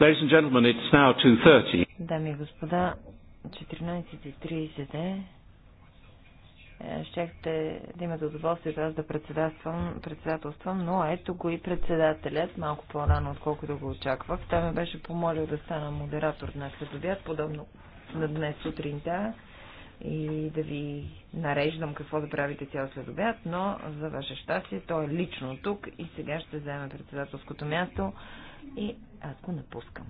Ladies and gentlemen, it's now 2.30. Дами и господа, 14.30 е. е Щехте да имате удоволствието аз да председателствам, председателствам, но ето го и председателят, малко по-рано, отколкото го очаквах. Той ме беше помолил да стана модератор днес след обяд, подобно на днес сутринта. Да и да ви нареждам какво да правите цял след обяд, но за ваше щастие той е лично тук и сега ще вземе председателското място и аз го напускам.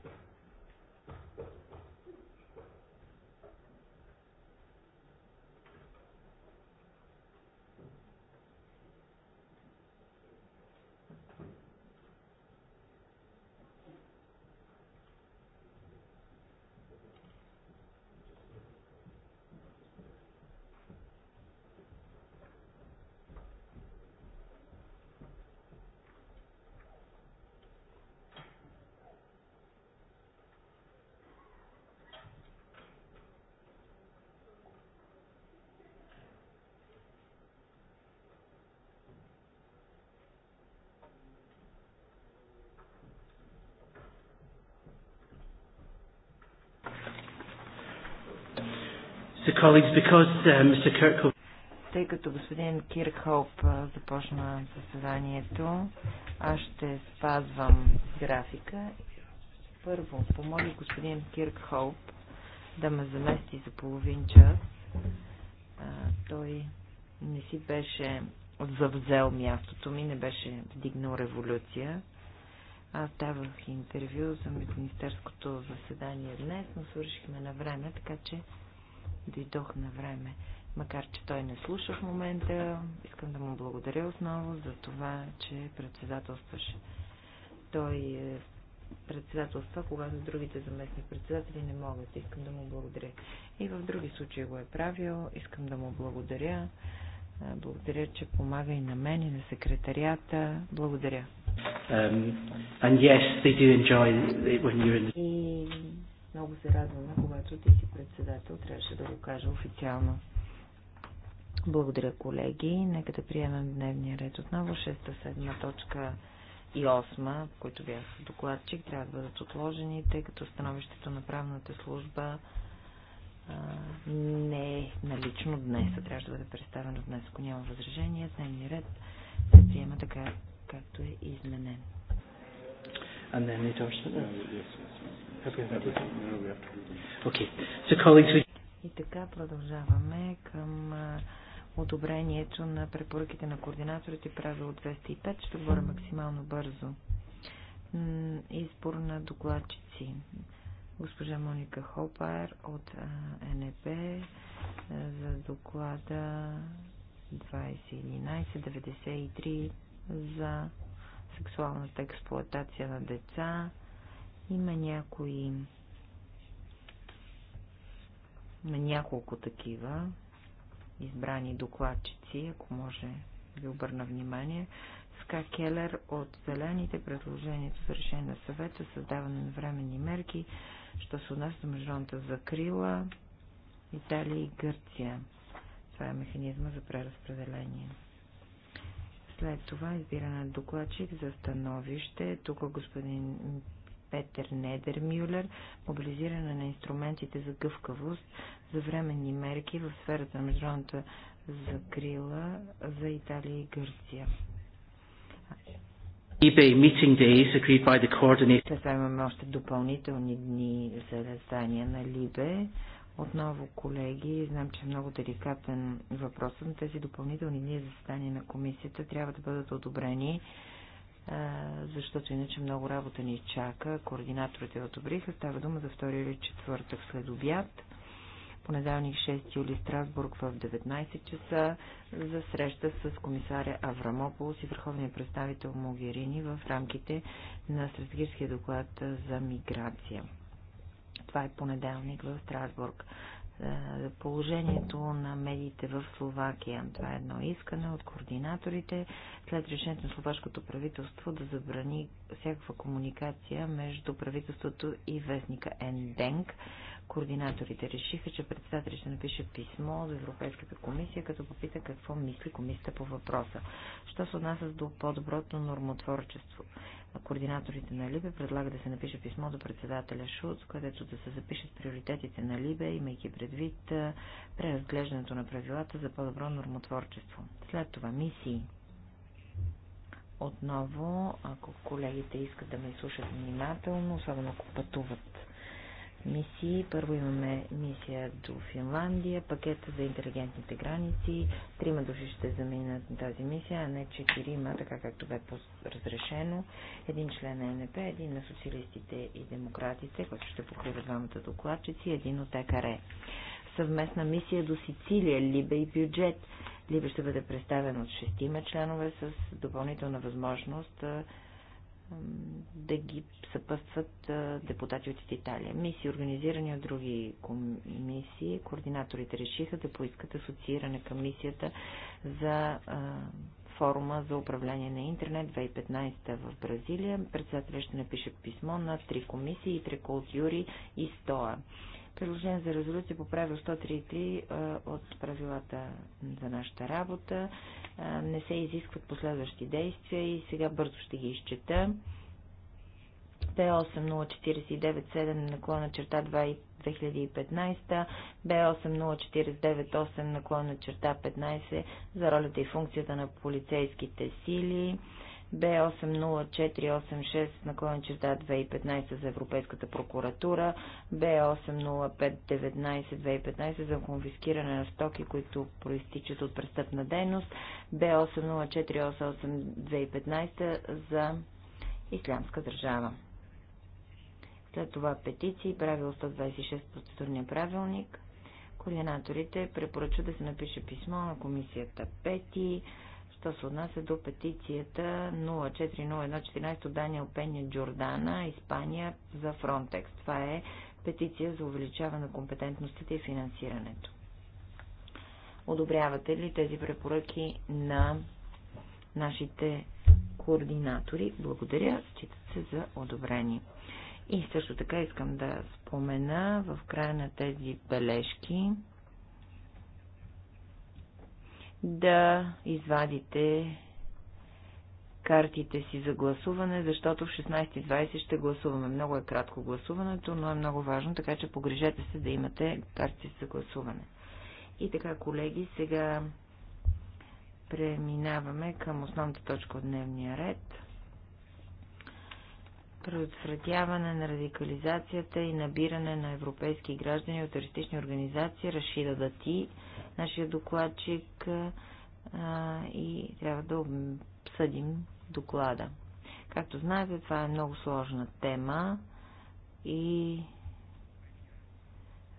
Uh, Тъй като господин Кирхоп започна заседанието, аз ще спазвам графика. Първо, помоли господин Кирхоп да ме замести за половин час. А, той не си беше завзел мястото ми, не беше вдигнал революция. Аз давах интервю за министерското заседание днес, но свършихме на време, така че Дойдох на време, макар че той не слуша в момента. Искам да му благодаря отново за това, че председателстваше. Той е председателства, когато другите заместни председатели не могат. Искам да му благодаря. И в други случаи го е правил. Искам да му благодаря. Благодаря, че помага и на мен, и на секретарията. Благодаря. Um, yes, the... И много се радваме, когато ти си председател. Трябваше да го кажа официално. Благодаря, колеги. Нека да приемем дневния ред отново. 6, 7 точка и 8, които бях докладчик, трябва да бъдат отложени, тъй като становището на правната служба а, не е налично днес, а трябва да бъде представено днес. Ако няма възражение, дневния ред се приема така, както е изменен. And then it also и така продължаваме към одобрението на препоръките на координаторите правило 205. Ще говоря максимално бързо. Избор на докладчици. Госпожа Моника Хопар от НЕП за доклада 2011-93 за сексуалната експлоатация на деца има някои... Има няколко такива избрани докладчици, ако може да ви обърна внимание. Ска Келер от Зелените, предложението за решение на съвета, създаване на временни мерки, що се отнася до международната закрила, Италия и Гърция. Това е механизма за преразпределение. След това избиране на докладчик за становище. Тук господин Петър Недермюлер, мобилизиране на инструментите за гъвкавост за временни мерки в сферата на международната закрила за Италия и Гърция. Сега е имаме още допълнителни дни за раздания на Либе. Отново, колеги, знам, че е много деликатен въпрос, но тези допълнителни дни за състояние на комисията трябва да бъдат одобрени защото иначе много работа ни чака. Координаторите одобриха. Става дума за втори или четвъртък след обяд. Понеделник 6 юли Страсбург в 19 часа за среща с комисаря Аврамополос и върховния представител Могерини в рамките на стратегическия доклад за миграция. Това е понеделник в Страсбург. Е, положението на медиите в Словакия. Това е едно искане от координаторите след решението на словашкото правителство да забрани всякаква комуникация между правителството и вестника Енденг. Координаторите решиха, че председателят ще напише писмо до Европейската комисия, като попита какво мисли комисията по въпроса. Що се отнася до по-доброто нормотворчество? Координаторите на Либе предлагат да се напише писмо до председателя Шуц, където да се запишат приоритетите на Либе, имайки предвид преразглеждането на правилата за по-добро нормотворчество. След това мисии. Отново, ако колегите искат да ме слушат внимателно, особено ако пътуват мисии. Първо имаме мисия до Финландия, пакета за интелигентните граници. Трима души ще заминат на тази мисия, а не четирима, така както бе разрешено. Един член на НП, един на социалистите и демократите, който ще покрива двамата докладчици, един от ЕКР. Е. Съвместна мисия до Сицилия, Либе и бюджет. Либе ще бъде представен от шестима членове с допълнителна възможност да ги съпътстват депутати от Италия. Мисии, организирани от други комисии, координаторите решиха да поискат асоцииране към мисията за форума за управление на интернет 2015 в Бразилия. Председателя ще напише писмо на три комисии, Трекол от Юри и СТОА. Предложение за резолюция по правило 133 от правилата за нашата работа не се изискват последващи действия и сега бързо ще ги изчета. б 7 наклона черта 2015, б 8 наклона черта 15 за ролята и функцията на полицейските сили, B80486 наклон черта 2015 за Европейската прокуратура, B80519 2015 за конфискиране на стоки, които проистичат от престъпна дейност, B80488 2015 за Ислямска държава. След това петиции, правило 126 процедурния правилник. Координаторите препоръчват да се напише писмо на комисията 5 Що се отнася до петицията 040114 от Даниел Пеня Джордана, Испания за Фронтекс. Това е петиция за увеличаване на компетентностите и финансирането. Одобрявате ли тези препоръки на нашите координатори? Благодаря, считат се за одобрени. И също така искам да спомена в края на тези бележки, да извадите картите си за гласуване, защото в 16.20 ще гласуваме. Много е кратко гласуването, но е много важно, така че погрежете се да имате карти за гласуване. И така, колеги, сега преминаваме към основната точка от дневния ред. Предотвратяване на радикализацията и набиране на европейски граждани от туристични организации Рашида Дати – нашия докладчик и трябва да обсъдим доклада. Както знаете, това е много сложна тема и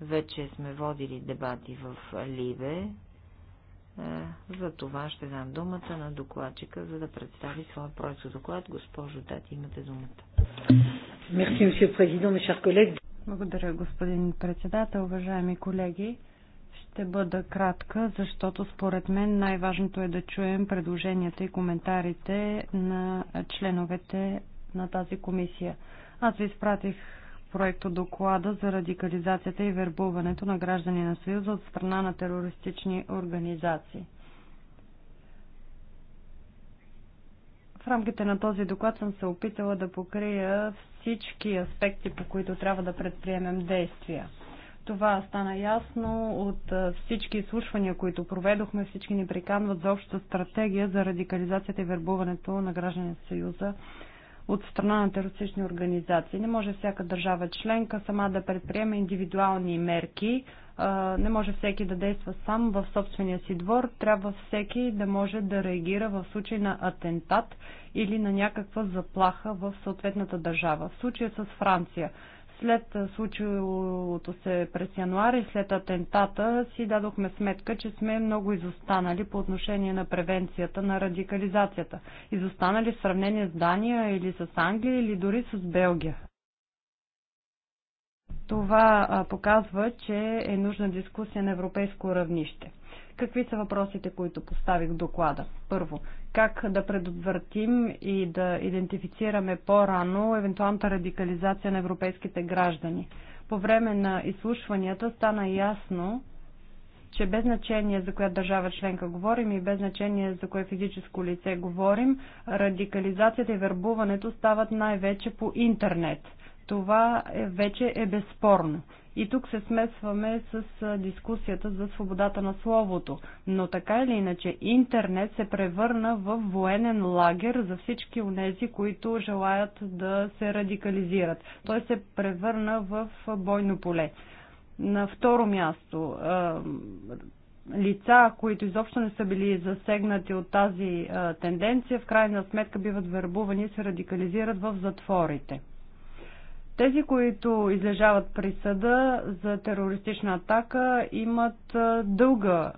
вече сме водили дебати в Либе. За това ще дам думата на докладчика, за да представи своя проект доклад. Госпожо Дати, имате думата. Мерси, Благодаря, господин председател, уважаеми колеги. Ще бъда кратка, защото според мен най-важното е да чуем предложенията и коментарите на членовете на тази комисия. Аз ви изпратих проекто доклада за радикализацията и вербуването на граждани на Съюза от страна на терористични организации. В рамките на този доклад съм се опитала да покрия всички аспекти, по които трябва да предприемем действия. Това стана ясно от всички изслушвания, които проведохме. Всички ни приканват за общата стратегия за радикализацията и вербуването на граждани в Съюза от страна на терористични организации. Не може всяка държава членка сама да предприеме индивидуални мерки. Не може всеки да действа сам в собствения си двор. Трябва всеки да може да реагира в случай на атентат или на някаква заплаха в съответната държава. В случая с Франция – след случилото се през януари, след атентата, си дадохме сметка, че сме много изостанали по отношение на превенцията на радикализацията. Изостанали в сравнение с Дания или с Англия или дори с Белгия. Това показва, че е нужна дискусия на европейско равнище. Какви са въпросите, които поставих в доклада? Първо, как да предотвратим и да идентифицираме по-рано евентуалната радикализация на европейските граждани? По време на изслушванията стана ясно, че без значение за коя държава членка говорим и без значение за кое физическо лице говорим, радикализацията и вербуването стават най-вече по интернет. Това е, вече е безспорно. И тук се смесваме с дискусията за свободата на словото. Но така или иначе, интернет се превърна в военен лагер за всички тези, които желаят да се радикализират. Той се превърна в бойно поле. На второ място, лица, които изобщо не са били засегнати от тази тенденция, в крайна сметка биват вербувани и се радикализират в затворите. Тези, които излежават присъда за терористична атака, имат дълга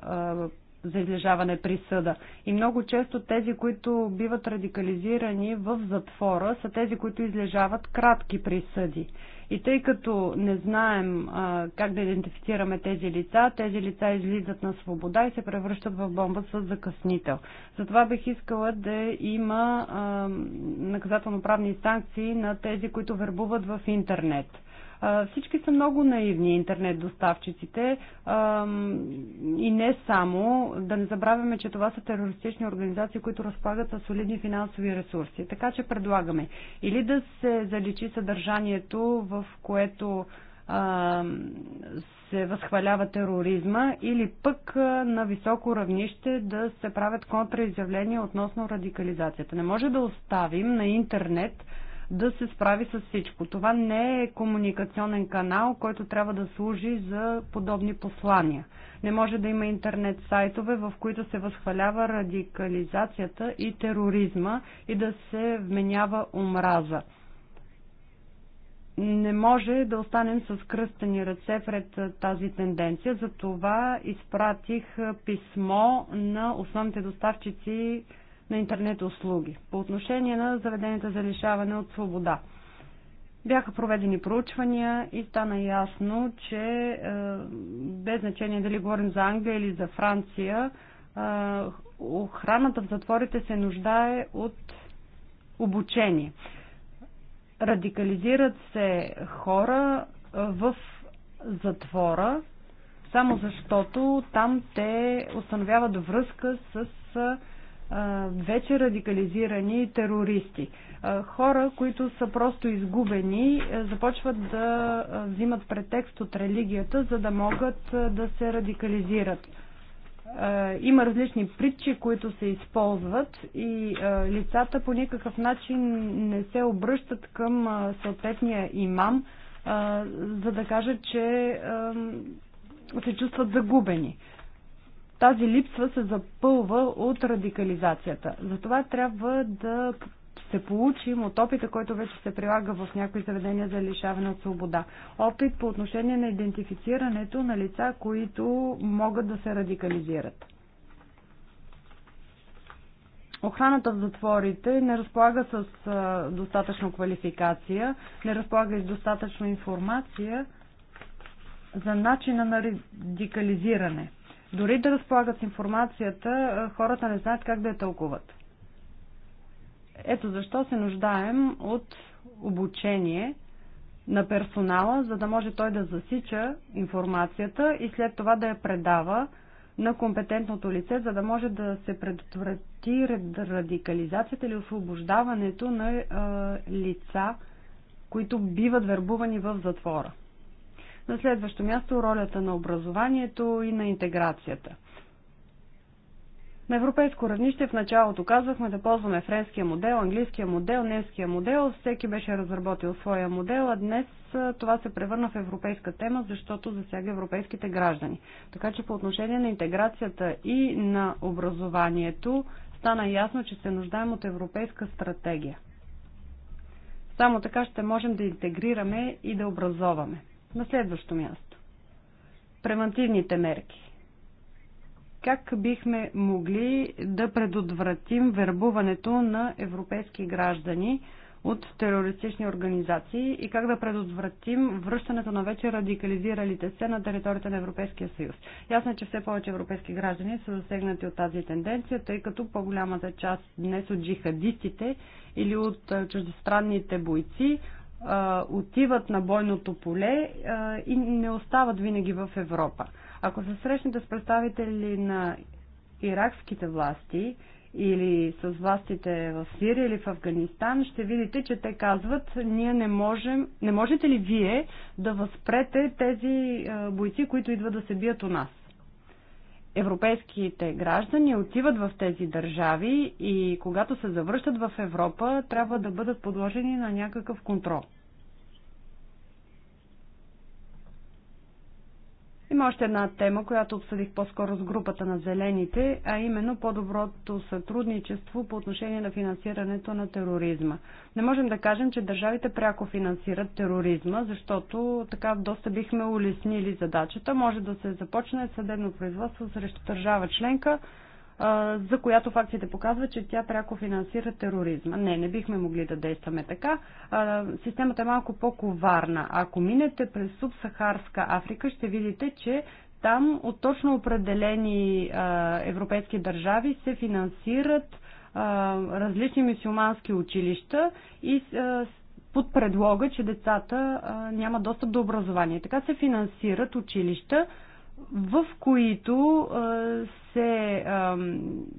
за излежаване присъда. И много често тези, които биват радикализирани в затвора, са тези, които излежават кратки присъди. И тъй като не знаем а, как да идентифицираме тези лица, тези лица излизат на свобода и се превръщат в бомба с закъснител. Затова бих искала да има наказателно-правни санкции на тези, които вербуват в интернет. Всички са много наивни интернет доставчиците и не само. Да не забравяме, че това са терористични организации, които разполагат със солидни финансови ресурси. Така че предлагаме или да се заличи съдържанието, в което се възхвалява тероризма или пък на високо равнище да се правят контраизявления относно радикализацията. Не може да оставим на интернет да се справи с всичко. Това не е комуникационен канал, който трябва да служи за подобни послания. Не може да има интернет сайтове, в които се възхвалява радикализацията и тероризма и да се вменява омраза не може да останем с кръстени ръце пред тази тенденция. Затова изпратих писмо на основните доставчици на интернет услуги. По отношение на заведенията за лишаване от свобода. Бяха проведени проучвания и стана ясно, че е, без значение дали говорим за Англия или за Франция, е, охраната в затворите се нуждае от обучение. Радикализират се хора е, в затвора, само защото там те установяват връзка с вече радикализирани терористи. Хора, които са просто изгубени, започват да взимат претекст от религията, за да могат да се радикализират. Има различни притчи, които се използват и лицата по никакъв начин не се обръщат към съответния имам, за да кажат, че се чувстват загубени тази липсва се запълва от радикализацията. Затова трябва да се получим от опита, който вече се прилага в някои заведения за лишаване от свобода. Опит по отношение на идентифицирането на лица, които могат да се радикализират. Охраната в затворите не разполага с достатъчно квалификация, не разполага и с достатъчно информация за начина на радикализиране – дори да разполагат с информацията, хората не знаят как да я тълкуват. Ето защо се нуждаем от обучение на персонала, за да може той да засича информацията и след това да я предава на компетентното лице, за да може да се предотврати радикализацията или освобождаването на лица, които биват вербувани в затвора. На следващо място ролята на образованието и на интеграцията. На европейско равнище в началото казахме да ползваме френския модел, английския модел, немския модел. Всеки беше разработил своя модел, а днес това се превърна в европейска тема, защото засяга европейските граждани. Така че по отношение на интеграцията и на образованието стана ясно, че се нуждаем от европейска стратегия. Само така ще можем да интегрираме и да образоваме. На следващо място. Превентивните мерки. Как бихме могли да предотвратим вербуването на европейски граждани от терористични организации и как да предотвратим връщането на вече радикализиралите се на територията на Европейския съюз. Ясно е, че все повече европейски граждани са засегнати от тази тенденция, тъй като по-голямата част днес от джихадистите или от чуждестранните бойци отиват на бойното поле и не остават винаги в Европа. Ако се срещнете с представители на иракските власти или с властите в Сирия или в Афганистан, ще видите, че те казват, ние не можем, не можете ли вие да възпрете тези бойци, които идват да се бият у нас? европейските граждани отиват в тези държави и когато се завръщат в Европа, трябва да бъдат подложени на някакъв контрол. още една тема, която обсъдих по-скоро с групата на зелените, а именно по-доброто сътрудничество по отношение на финансирането на тероризма. Не можем да кажем, че държавите пряко финансират тероризма, защото така доста бихме улеснили задачата. Може да се започне съдебно производство срещу държава членка, за която фактите показват, че тя пряко финансира тероризма. Не, не бихме могли да действаме така. Системата е малко по-коварна. Ако минете през субсахарска Африка, ще видите, че там от точно определени европейски държави се финансират различни мисиомански училища и под предлога, че децата няма достъп до образование. Така се финансират училища, в които се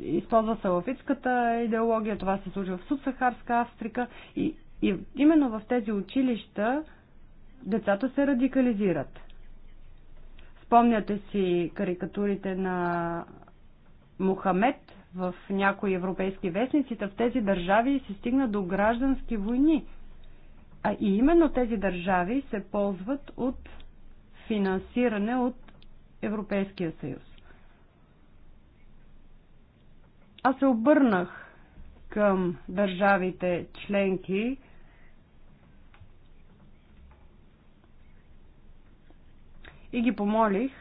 използва салафитската идеология. Това се случва в Субсахарска Африка и, и именно в тези училища децата се радикализират. Спомняте си карикатурите на Мохамед в някои европейски вестници, в тези държави се стигна до граждански войни. А и именно тези държави се ползват от финансиране от Европейския съюз. Аз се обърнах към държавите членки, и ги помолих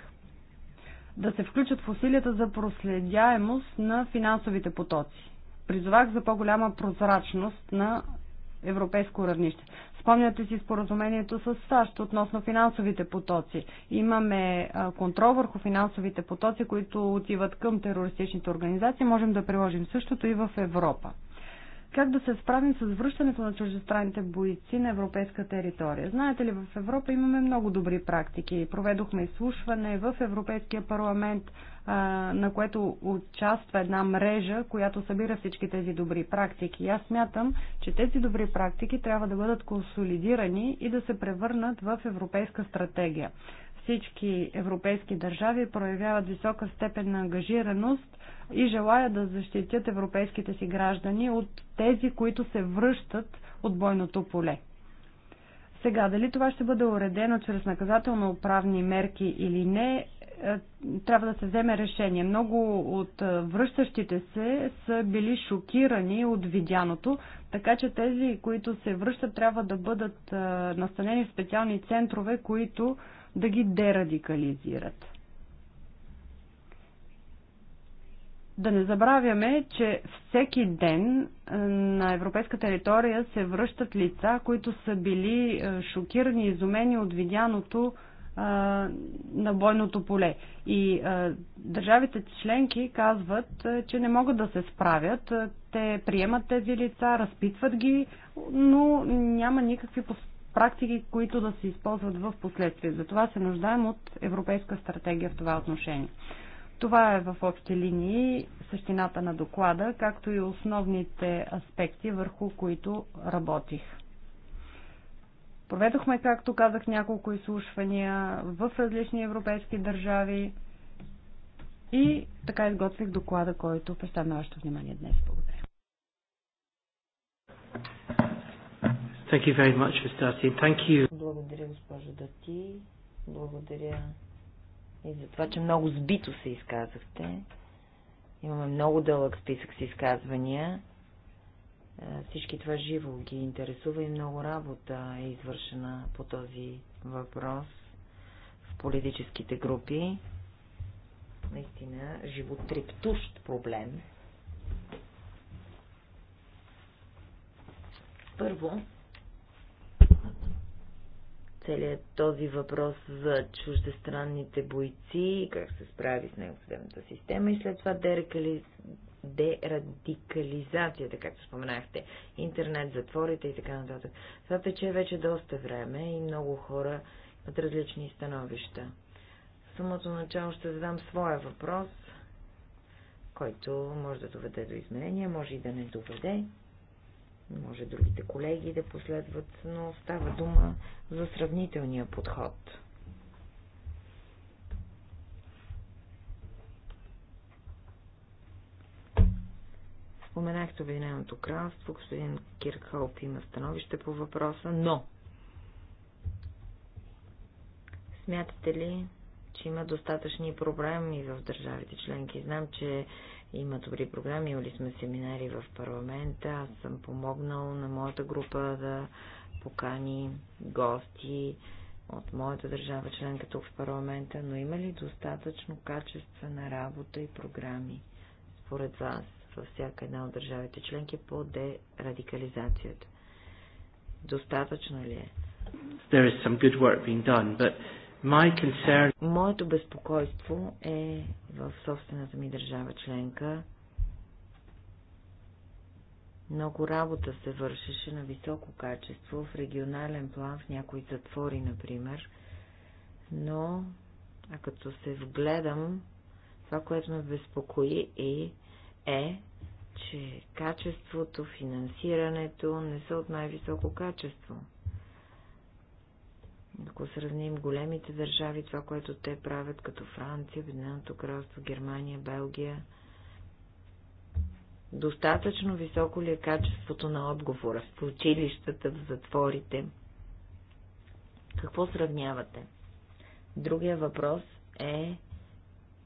да се включат в усилията за проследяемост на финансовите потоци. Призовах за по-голяма прозрачност на европейско равнище. Спомняте си споразумението с САЩ относно финансовите потоци. Имаме контрол върху финансовите потоци, които отиват към терористичните организации. Можем да приложим същото и в Европа. Как да се справим с връщането на чуждестранните бойци на европейска територия? Знаете ли, в Европа имаме много добри практики. Проведохме изслушване в Европейския парламент на което участва една мрежа, която събира всички тези добри практики. Аз смятам, че тези добри практики трябва да бъдат консолидирани и да се превърнат в европейска стратегия. Всички европейски държави проявяват висока степен на ангажираност и желаят да защитят европейските си граждани от тези, които се връщат от бойното поле. Сега, дали това ще бъде уредено чрез наказателно управни мерки или не, е, трябва да се вземе решение. Много от е, връщащите се са били шокирани от видяното, така че тези, които се връщат, трябва да бъдат е, настанени в специални центрове, които да ги дерадикализират. Да не забравяме, че всеки ден на европейска територия се връщат лица, които са били шокирани и изумени от видяното на бойното поле. И а, държавите членки казват, а, че не могат да се справят. Те приемат тези лица, разпитват ги, но няма никакви практики, които да се използват в последствие. Затова се нуждаем от европейска стратегия в това отношение. Това е в общи линии същината на доклада, както и основните аспекти, върху които работих. Проведохме, както казах, няколко изслушвания в различни европейски държави и така изготвих доклада, който представя на вашето внимание днес. Благодаря. Thank you very much, Thank you. Благодаря, госпожо Дати. Благодаря и за това, че много сбито се изказахте. Имаме много дълъг списък с изказвания. Е, всички това живо ги интересува и много работа е извършена по този въпрос в политическите групи. Наистина животрептущ проблем. Първо, целият този въпрос за чуждестранните бойци и как се справи с него съдебната система и след това дерекали дерадикализацията, както споменахте, интернет, затворите и така нататък. Това тече вече доста време и много хора от различни становища. В самото начало ще задам своя въпрос, който може да доведе до изменения, може и да не доведе, може другите колеги да последват, но става дума за сравнителния подход. Споменахте Обединеното кралство, господин Киркхолп има становище по въпроса, но смятате ли, че има достатъчни проблеми в държавите членки? Знам, че има добри програми, имали сме семинари в парламента, аз съм помогнал на моята група да покани гости от моята държава членка тук в парламента, но има ли достатъчно качествена работа и програми според вас? във всяка една от държавите членки по дерадикализацията. Достатъчно ли е? There is some good work being done, but my concern... Моето безпокойство е в собствената ми държава членка. Много работа се вършеше на високо качество, в регионален план, в някои затвори, например. Но, а като се вгледам, това, което ме безпокои е е, че качеството, финансирането не са от най-високо качество. Ако сравним големите държави, това, което те правят, като Франция, Обединеното кралство, Германия, Белгия, достатъчно високо ли е качеството на отговора в училищата, в затворите? Какво сравнявате? Другия въпрос е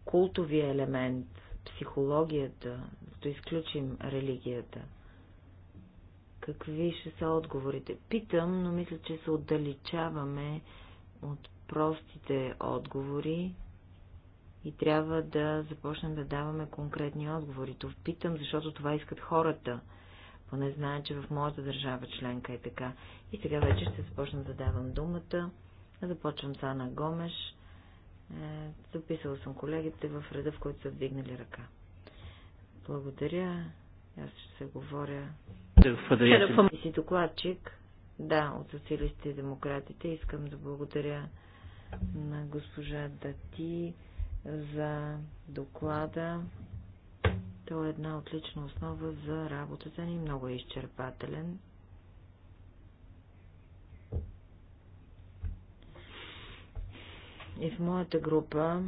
култовия елемент – психологията, да изключим религията. Какви ще са отговорите? Питам, но мисля, че се отдалечаваме от простите отговори и трябва да започнем да даваме конкретни отговори. То питам, защото това искат хората. Поне знаят, че в моята държава членка е така. И сега вече ще започна да давам думата. Започвам с Ана Гомеш е, записала съм колегите в реда, в който са вдигнали ръка. Благодаря. Аз ще се говоря. Ти си докладчик. Да, от социалистите и демократите. Искам да благодаря на госпожа Дати за доклада. Той е една отлична основа за работата ни. Много е изчерпателен. И в моята група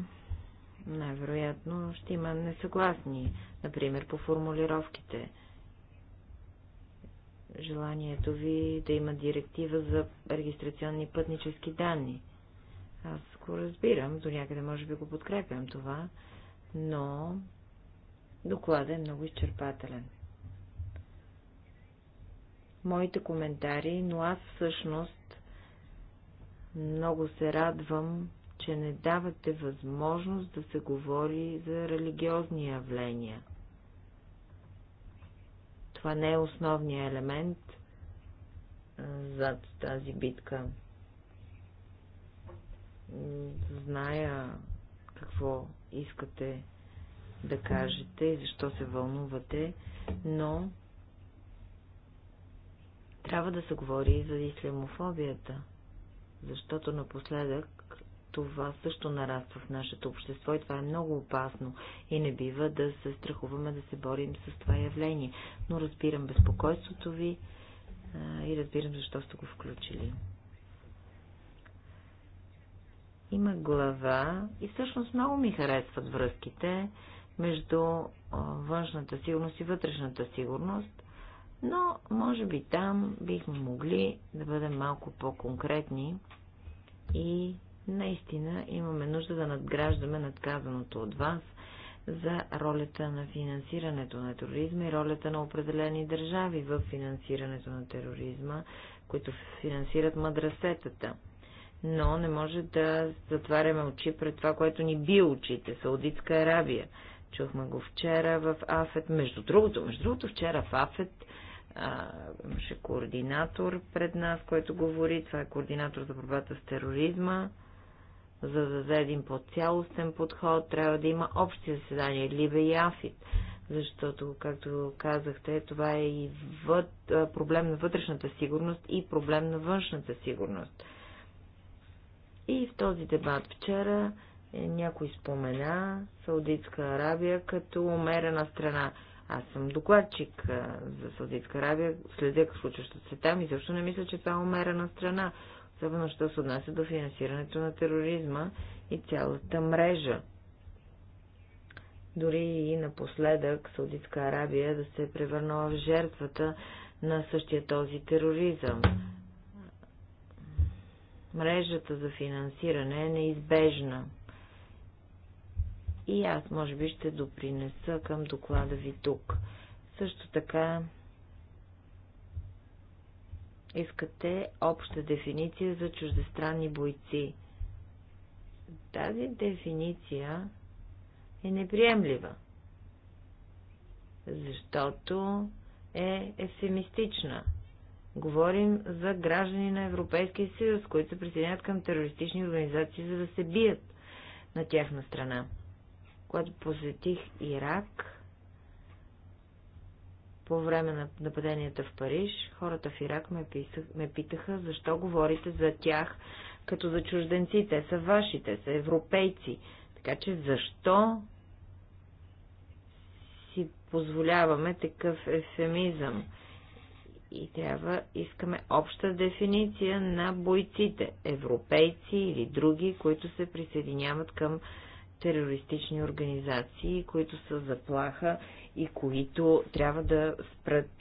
най-вероятно ще има несъгласни, например по формулировките. Желанието ви да има директива за регистрационни пътнически данни. Аз го разбирам, до някъде може би го подкрепям това, но докладът е много изчерпателен. Моите коментари, но аз всъщност много се радвам че не давате възможност да се говори за религиозни явления. Това не е основният елемент зад тази битка. Зная какво искате да кажете и защо се вълнувате, но трябва да се говори и за ислямофобията, защото напоследък това също нараства в нашето общество и това е много опасно и не бива да се страхуваме да се борим с това явление. Но разбирам безпокойството ви и разбирам защо сте го включили. Има глава и всъщност много ми харесват връзките между външната сигурност и вътрешната сигурност, но може би там бихме могли да бъдем малко по-конкретни и наистина имаме нужда да надграждаме надказаното от вас за ролята на финансирането на тероризма и ролята на определени държави в финансирането на тероризма, които финансират мадрасетата. Но не може да затваряме очи пред това, което ни би очите Саудитска Арабия. Чухме го вчера в Афет. Между другото, между другото вчера в Афет имаше координатор пред нас, който говори. Това е координатор за борбата с тероризма. За да един по цялостен подход, трябва да има общи заседания, Либе и Афит, защото, както казахте, това е и въд, проблем на вътрешната сигурност и проблем на външната сигурност. И в този дебат вчера е, някой спомена Саудитска Арабия като умерена страна. Аз съм докладчик за Саудитска Арабия, следя случващото се там и защо не мисля, че това е умерена страна особено що се отнася до финансирането на тероризма и цялата мрежа. Дори и напоследък Саудитска Арабия да се е превърнала в жертвата на същия този тероризъм. Мрежата за финансиране е неизбежна. И аз може би ще допринеса към доклада ви тук. Също така Искате обща дефиниция за чуждестранни бойци. Тази дефиниция е неприемлива, защото е ефемистична. Говорим за граждани на Европейския съюз, които се присъединят към терористични организации, за да се бият на тяхна страна. Когато посетих Ирак, по време на нападенията в Париж, хората в Ирак ме, писах, ме питаха, защо говорите за тях като за чужденци. Те са вашите, са европейци. Така че защо си позволяваме такъв ефемизъм? и трябва искаме обща дефиниция на бойците, европейци или други, които се присъединяват към терористични организации, които са заплаха и които трябва да спрат,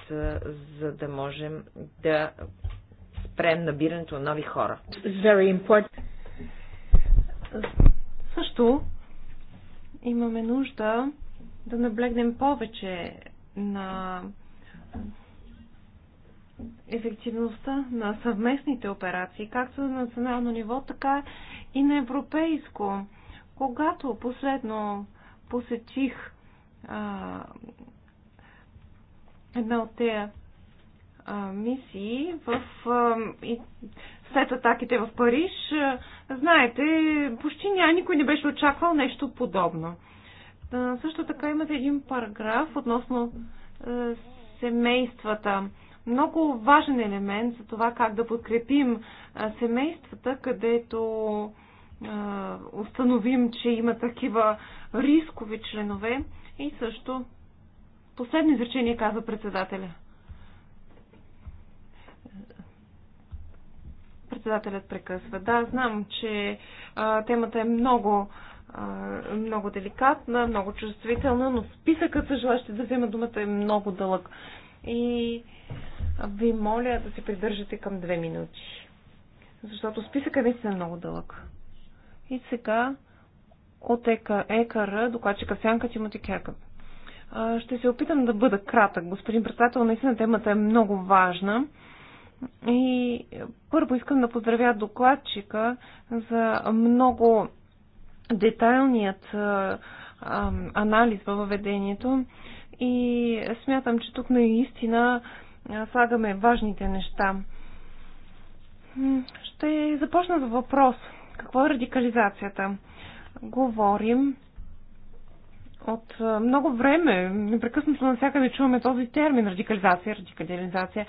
за да можем да спрем набирането на нови хора. Също имаме нужда да наблегнем повече на ефективността на съвместните операции, както на национално ниво, така и на европейско. Когато последно посетих а, една от тези мисии в, а, и, след атаките в Париж. А, знаете, почти няма никой не беше очаквал нещо подобно. А, също така имате един параграф относно а, семействата. Много важен елемент за това как да подкрепим а, семействата, където а, установим, че има такива рискови членове. А, и също последно изречение казва председателя. Председателят прекъсва. Да, знам, че а, темата е много, а, много деликатна, много чувствителна, но списъкът за желащите да взема думата е много дълъг. И ви моля да се придържате към две минути. Защото списъкът е наистина е много дълъг. И сега от ЕКА, докладчика Сянка Тимоти Керкъп. Ще се опитам да бъда кратък. Господин председател, наистина темата е много важна. И първо искам да поздравя докладчика за много детайлният анализ във въведението и смятам, че тук наистина слагаме важните неща. Ще започна с въпрос. Какво е радикализацията? говорим от много време. Непрекъснато навсякъде чуваме този термин радикализация, радикализация.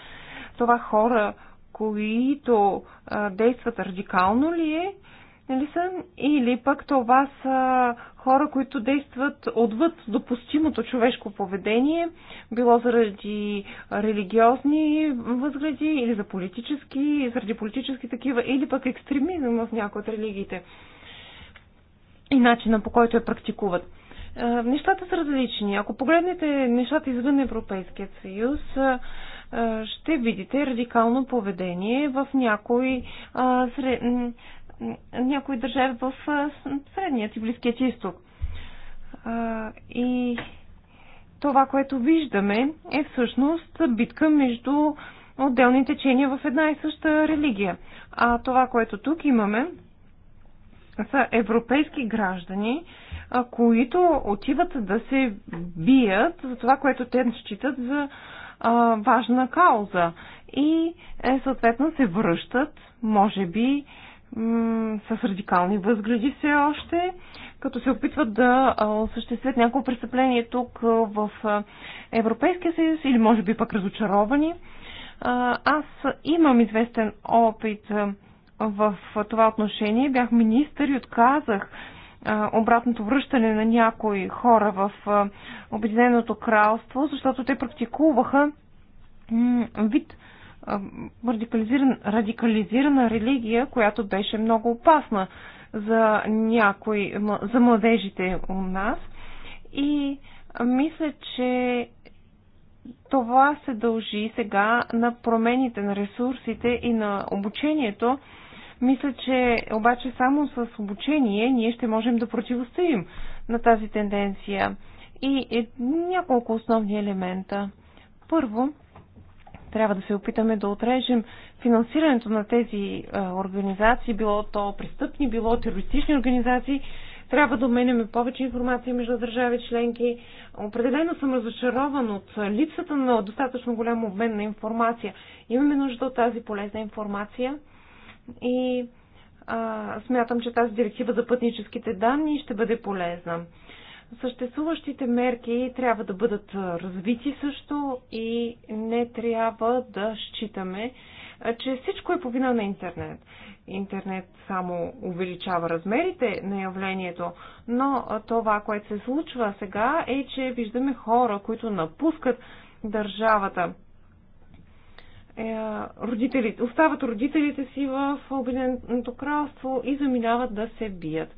Това хора, които а, действат радикално ли е? Или, нали са, или пък това са хора, които действат отвъд допустимото човешко поведение, било заради религиозни възгледи или за политически, заради политически такива, или пък екстремизъм в някои от религиите и начина по който я практикуват. Е, нещата са различни. Ако погледнете нещата извън Европейския съюз, е, е, ще видите радикално поведение в някои, сред... някои държави в Средният и Близкият изток. И това, което виждаме, е всъщност битка между отделни течения в една и съща религия. А това, което тук имаме, са европейски граждани, които отиват да се бият за това, което те считат за важна кауза. И е, съответно се връщат, може би, с радикални възгледи все още, като се опитват да осъществят някакво престъпление тук в Европейския съюз или може би пък разочаровани. Аз имам известен опит в това отношение. Бях министър и отказах обратното връщане на някои хора в Обединеното кралство, защото те практикуваха вид радикализиран, радикализирана религия, която беше много опасна за някои, за младежите у нас. И мисля, че това се дължи сега на промените на ресурсите и на обучението, мисля, че обаче само с обучение ние ще можем да противостоим на тази тенденция. И е няколко основни елемента. Първо, трябва да се опитаме да отрежем финансирането на тези е, организации, било то престъпни, било терористични организации. Трябва да обменяме повече информация между държави членки. Определено съм разочарован от липсата на достатъчно голям обмен на информация. Имаме нужда от тази полезна информация – и а, смятам, че тази директива за пътническите данни ще бъде полезна. Съществуващите мерки трябва да бъдат развити също и не трябва да считаме, че всичко е по вина на интернет. Интернет само увеличава размерите на явлението, но това, което се случва сега е, че виждаме хора, които напускат държавата е, родителите, остават родителите си в Обединеното кралство и заминават да се бият.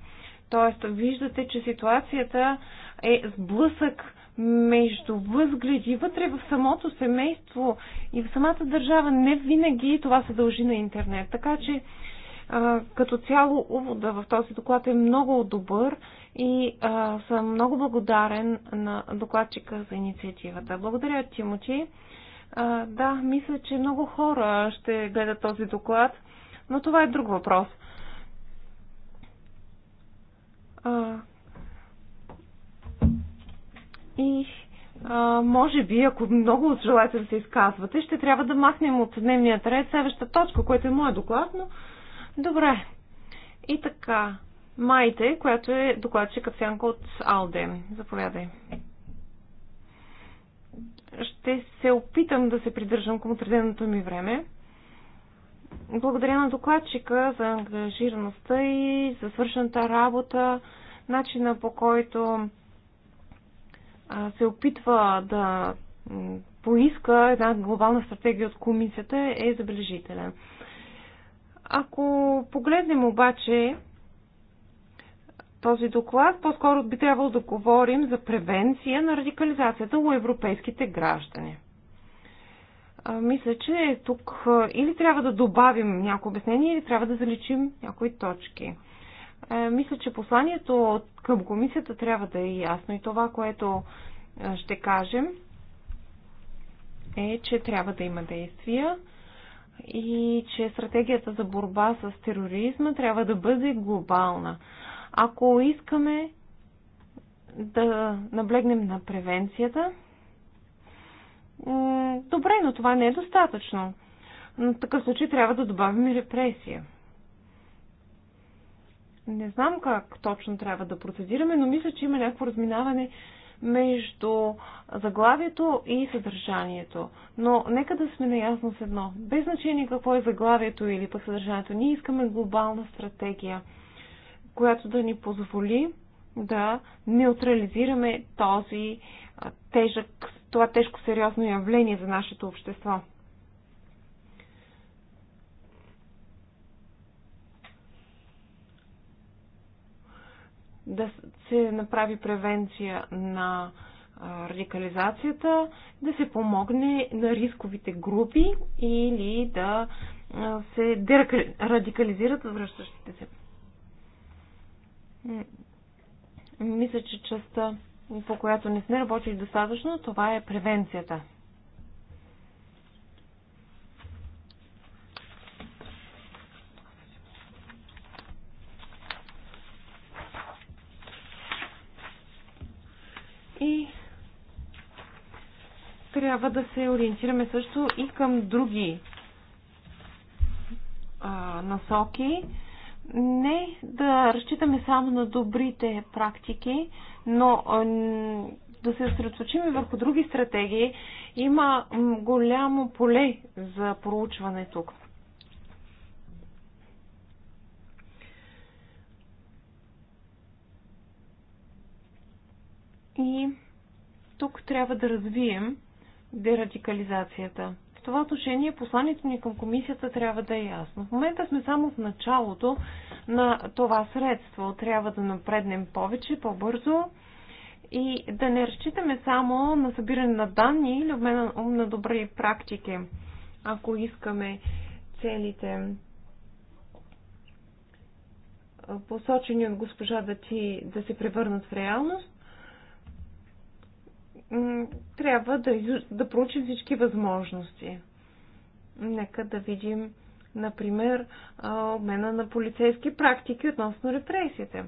Тоест, виждате, че ситуацията е сблъсък между възгледи вътре в самото семейство и в самата държава. Не винаги това се дължи на интернет. Така че, а, като цяло, увода в този доклад е много добър и а, съм много благодарен на докладчика за инициативата. Благодаря, Тимоти. А, да, мисля, че много хора ще гледат този доклад, но това е друг въпрос. А, и а, може би, ако много желаете да се изказвате, ще трябва да махнем от дневния ред следващата точка, което е моя доклад, но добре. И така, Майте, която е докладчика в сянка от Алден. Заповядай. Ще се опитам да се придържам към отреденото ми време. Благодаря на докладчика за ангажираността и за свършената работа, начина по който се опитва да поиска една глобална стратегия от комисията е забележителен. Ако погледнем обаче този доклад. По-скоро би трябвало да говорим за превенция на радикализацията у европейските граждани. Мисля, че тук или трябва да добавим някои обяснение, или трябва да заличим някои точки. Мисля, че посланието към комисията трябва да е ясно и това, което ще кажем е, че трябва да има действия и че стратегията за борба с тероризма трябва да бъде глобална. Ако искаме да наблегнем на превенцията, добре, но това не е достатъчно. В такъв случай трябва да добавим репресия. Не знам как точно трябва да процедираме, но мисля, че има някакво разминаване между заглавието и съдържанието. Но нека да сме наясно с едно. Без значение какво е заглавието или пък съдържанието, ние искаме глобална стратегия – която да ни позволи да неутрализираме този тежък, това тежко сериозно явление за нашето общество. Да се направи превенция на радикализацията, да се помогне на рисковите групи или да се радикализират връщащите се. Мисля, че частта, по която не сме работили достатъчно, това е превенцията. И трябва да се ориентираме също и към други а, насоки, не да разчитаме само на добрите практики, но да се съсредоточим и върху други стратегии. Има голямо поле за проучване тук. И тук трябва да развием дерадикализацията това отношение посланието ни към комисията трябва да е ясно. В момента сме само в началото на това средство. Трябва да напреднем повече, по-бързо и да не разчитаме само на събиране на данни или обмена на добри практики, ако искаме целите посочени от госпожа да, ти, да се превърнат в реалност, трябва да, да проучим всички възможности. Нека да видим, например, обмена на полицейски практики относно репресиите.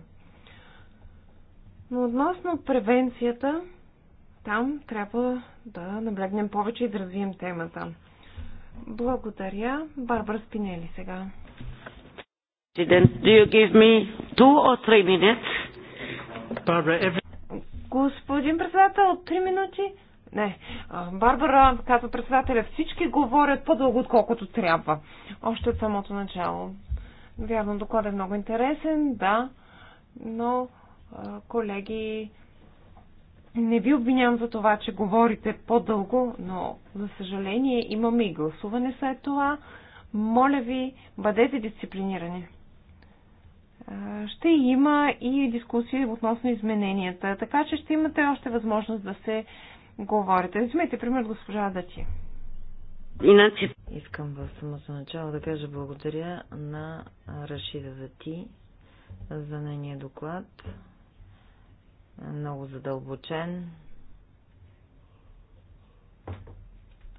Но относно превенцията, там трябва да наблегнем повече и да развием темата. Благодаря. Барбара Спинели сега. Do you give me two or three minutes? Barbara, every... Господин председател, три минути. Не, Барбара, казва председателя, всички говорят по-дълго, отколкото трябва. Още от самото начало. Вярно, докладът е много интересен, да, но, колеги, не ви обвинявам за това, че говорите по-дълго, но, за съжаление, имаме и гласуване след това. Моля ви, бъдете дисциплинирани ще има и дискусии относно измененията, така че ще имате още възможност да се говорите. Вземете пример госпожа Дати. Иначе... Искам в самото начало да кажа благодаря на Рашида Зати за нейния доклад. Много задълбочен.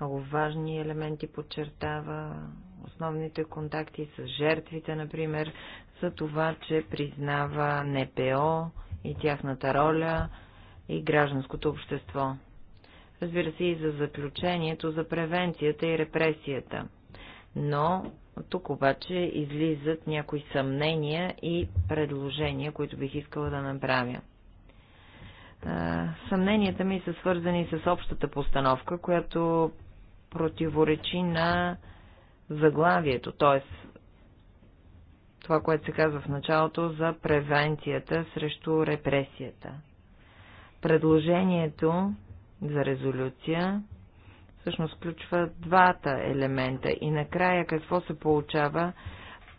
Много важни елементи подчертава основните контакти с жертвите, например, за това, че признава НПО и тяхната роля и гражданското общество. Разбира се и за заключението за превенцията и репресията. Но тук обаче излизат някои съмнения и предложения, които бих искала да направя. Съмненията ми са свързани с общата постановка, която противоречи на заглавието, т.е това, което се казва в началото за превенцията срещу репресията. Предложението за резолюция всъщност включва двата елемента и накрая какво се получава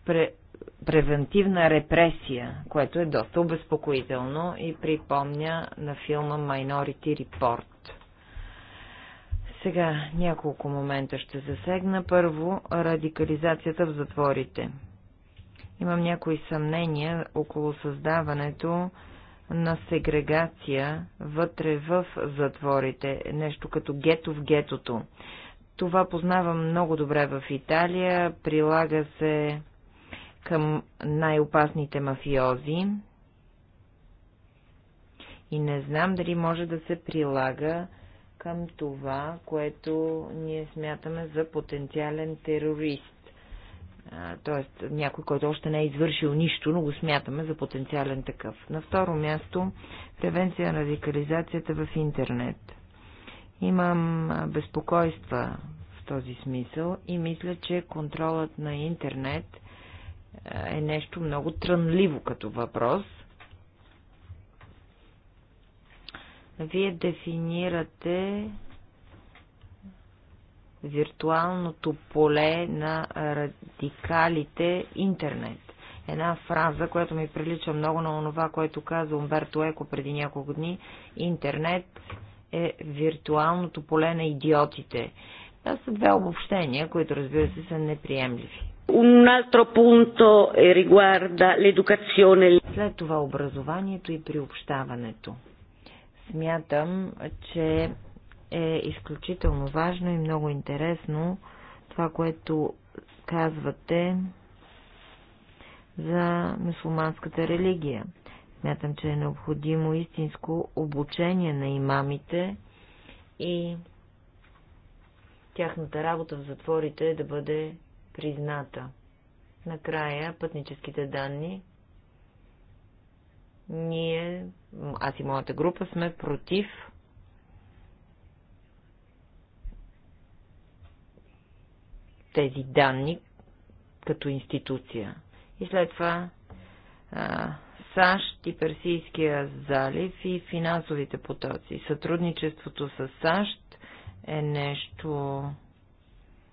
пре, превентивна репресия, което е доста обезпокоително и припомня на филма Minority Report. Сега няколко момента ще засегна. Първо, радикализацията в затворите. Имам някои съмнения около създаването на сегрегация вътре в затворите, нещо като гето в гетото. Това познавам много добре в Италия, прилага се към най-опасните мафиози и не знам дали може да се прилага към това, което ние смятаме за потенциален терорист. Т.е. някой, който още не е извършил нищо, но го смятаме за потенциален такъв. На второ място, превенция на радикализацията в интернет. Имам безпокойства в този смисъл и мисля, че контролът на интернет е нещо много трънливо като въпрос. Вие дефинирате виртуалното поле на радикалите интернет. Една фраза, която ми прилича много на онова, което каза Умберто Еко преди няколко дни. Интернет е виртуалното поле на идиотите. Това са две обобщения, които разбира се са неприемливи. Un altro punto e riguarda l'educazione. След това образованието и приобщаването. Смятам, че е изключително важно и много интересно това, което казвате за мусулманската религия. Смятам, че е необходимо истинско обучение на имамите и тяхната работа в затворите да бъде призната. Накрая пътническите данни. Ние, аз и моята група, сме против тези данни като институция. И след това а, САЩ и Персийския залив и финансовите потоци. Сътрудничеството с САЩ е нещо.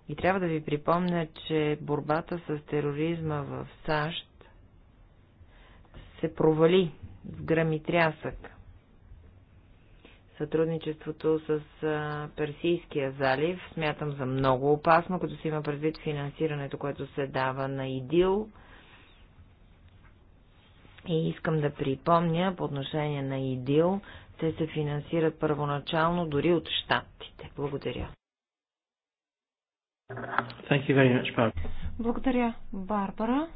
И трябва да ви припомня, че борбата с тероризма в САЩ се провали в гръм и трясък сътрудничеството с Персийския залив смятам за много опасно, като се има предвид финансирането, което се дава на ИДИЛ. И искам да припомня по отношение на ИДИЛ, те се финансират първоначално дори от щатите. Благодаря. Thank you very much, Barbara. Благодаря, Барбара.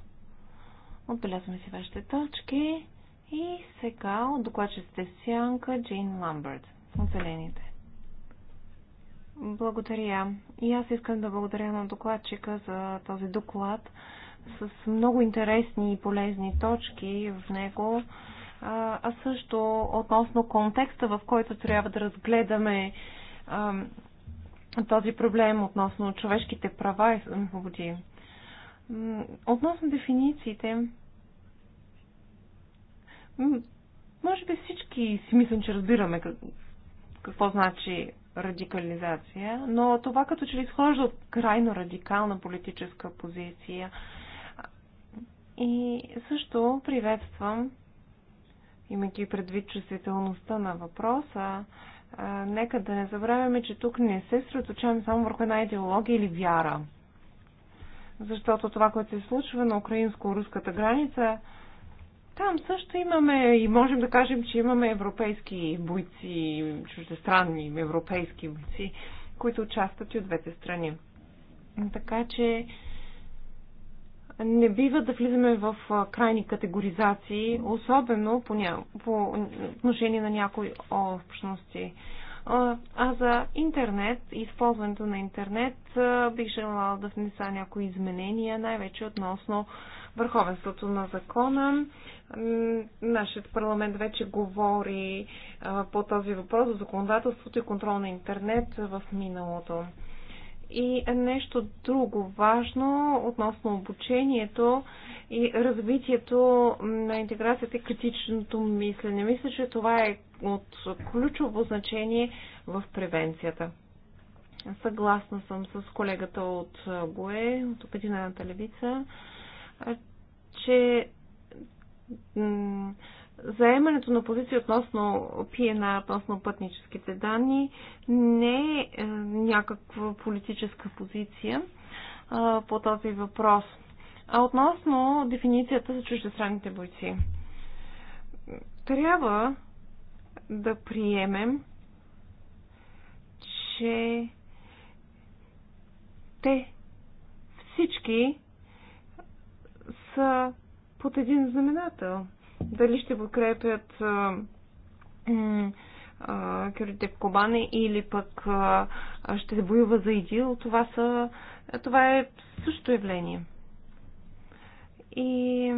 Отбелязваме си вашите точки. И сега от докладчиците Сянка Джейн Ламбърт от Зелените. Благодаря. И аз искам да благодаря на докладчика за този доклад с много интересни и полезни точки в него, а също относно контекста, в който трябва да разгледаме а, този проблем относно човешките права и свободи. Относно дефинициите, може би всички си мислим, че разбираме какво значи радикализация, но това като че ли изхожда от крайно радикална политическа позиция. И също приветствам, имайки предвид чувствителността на въпроса, нека да не забравяме, че тук не се средоточаваме само върху една идеология или вяра. Защото това, което се случва на украинско-руската граница, там също имаме и можем да кажем, че имаме европейски бойци, чуждестранни европейски бойци, които участват и от двете страни. Така че не бива да влизаме в крайни категоризации, особено по, ня... по отношение на някои общности. А за интернет, използването на интернет, бих желала да внеса някои изменения, най-вече относно върховенството на закона. Нашият парламент вече говори по този въпрос за законодателството и контрол на интернет в миналото. И нещо друго важно относно обучението и развитието на интеграцията и критичното мислене. Мисля, че това е от ключово значение в превенцията. Съгласна съм с колегата от ГОЕ, от Обединената левица че заемането на позиция относно PNR, относно пътническите данни, не е, е някаква политическа позиция по този въпрос. А относно дефиницията за чуждестранните бойци. Трябва да приемем, че те всички са под един знаменател. Дали ще подкрепят Кюрите в Кобане или пък а, ще воюва за ИДИЛ, това, са, това е също явление. И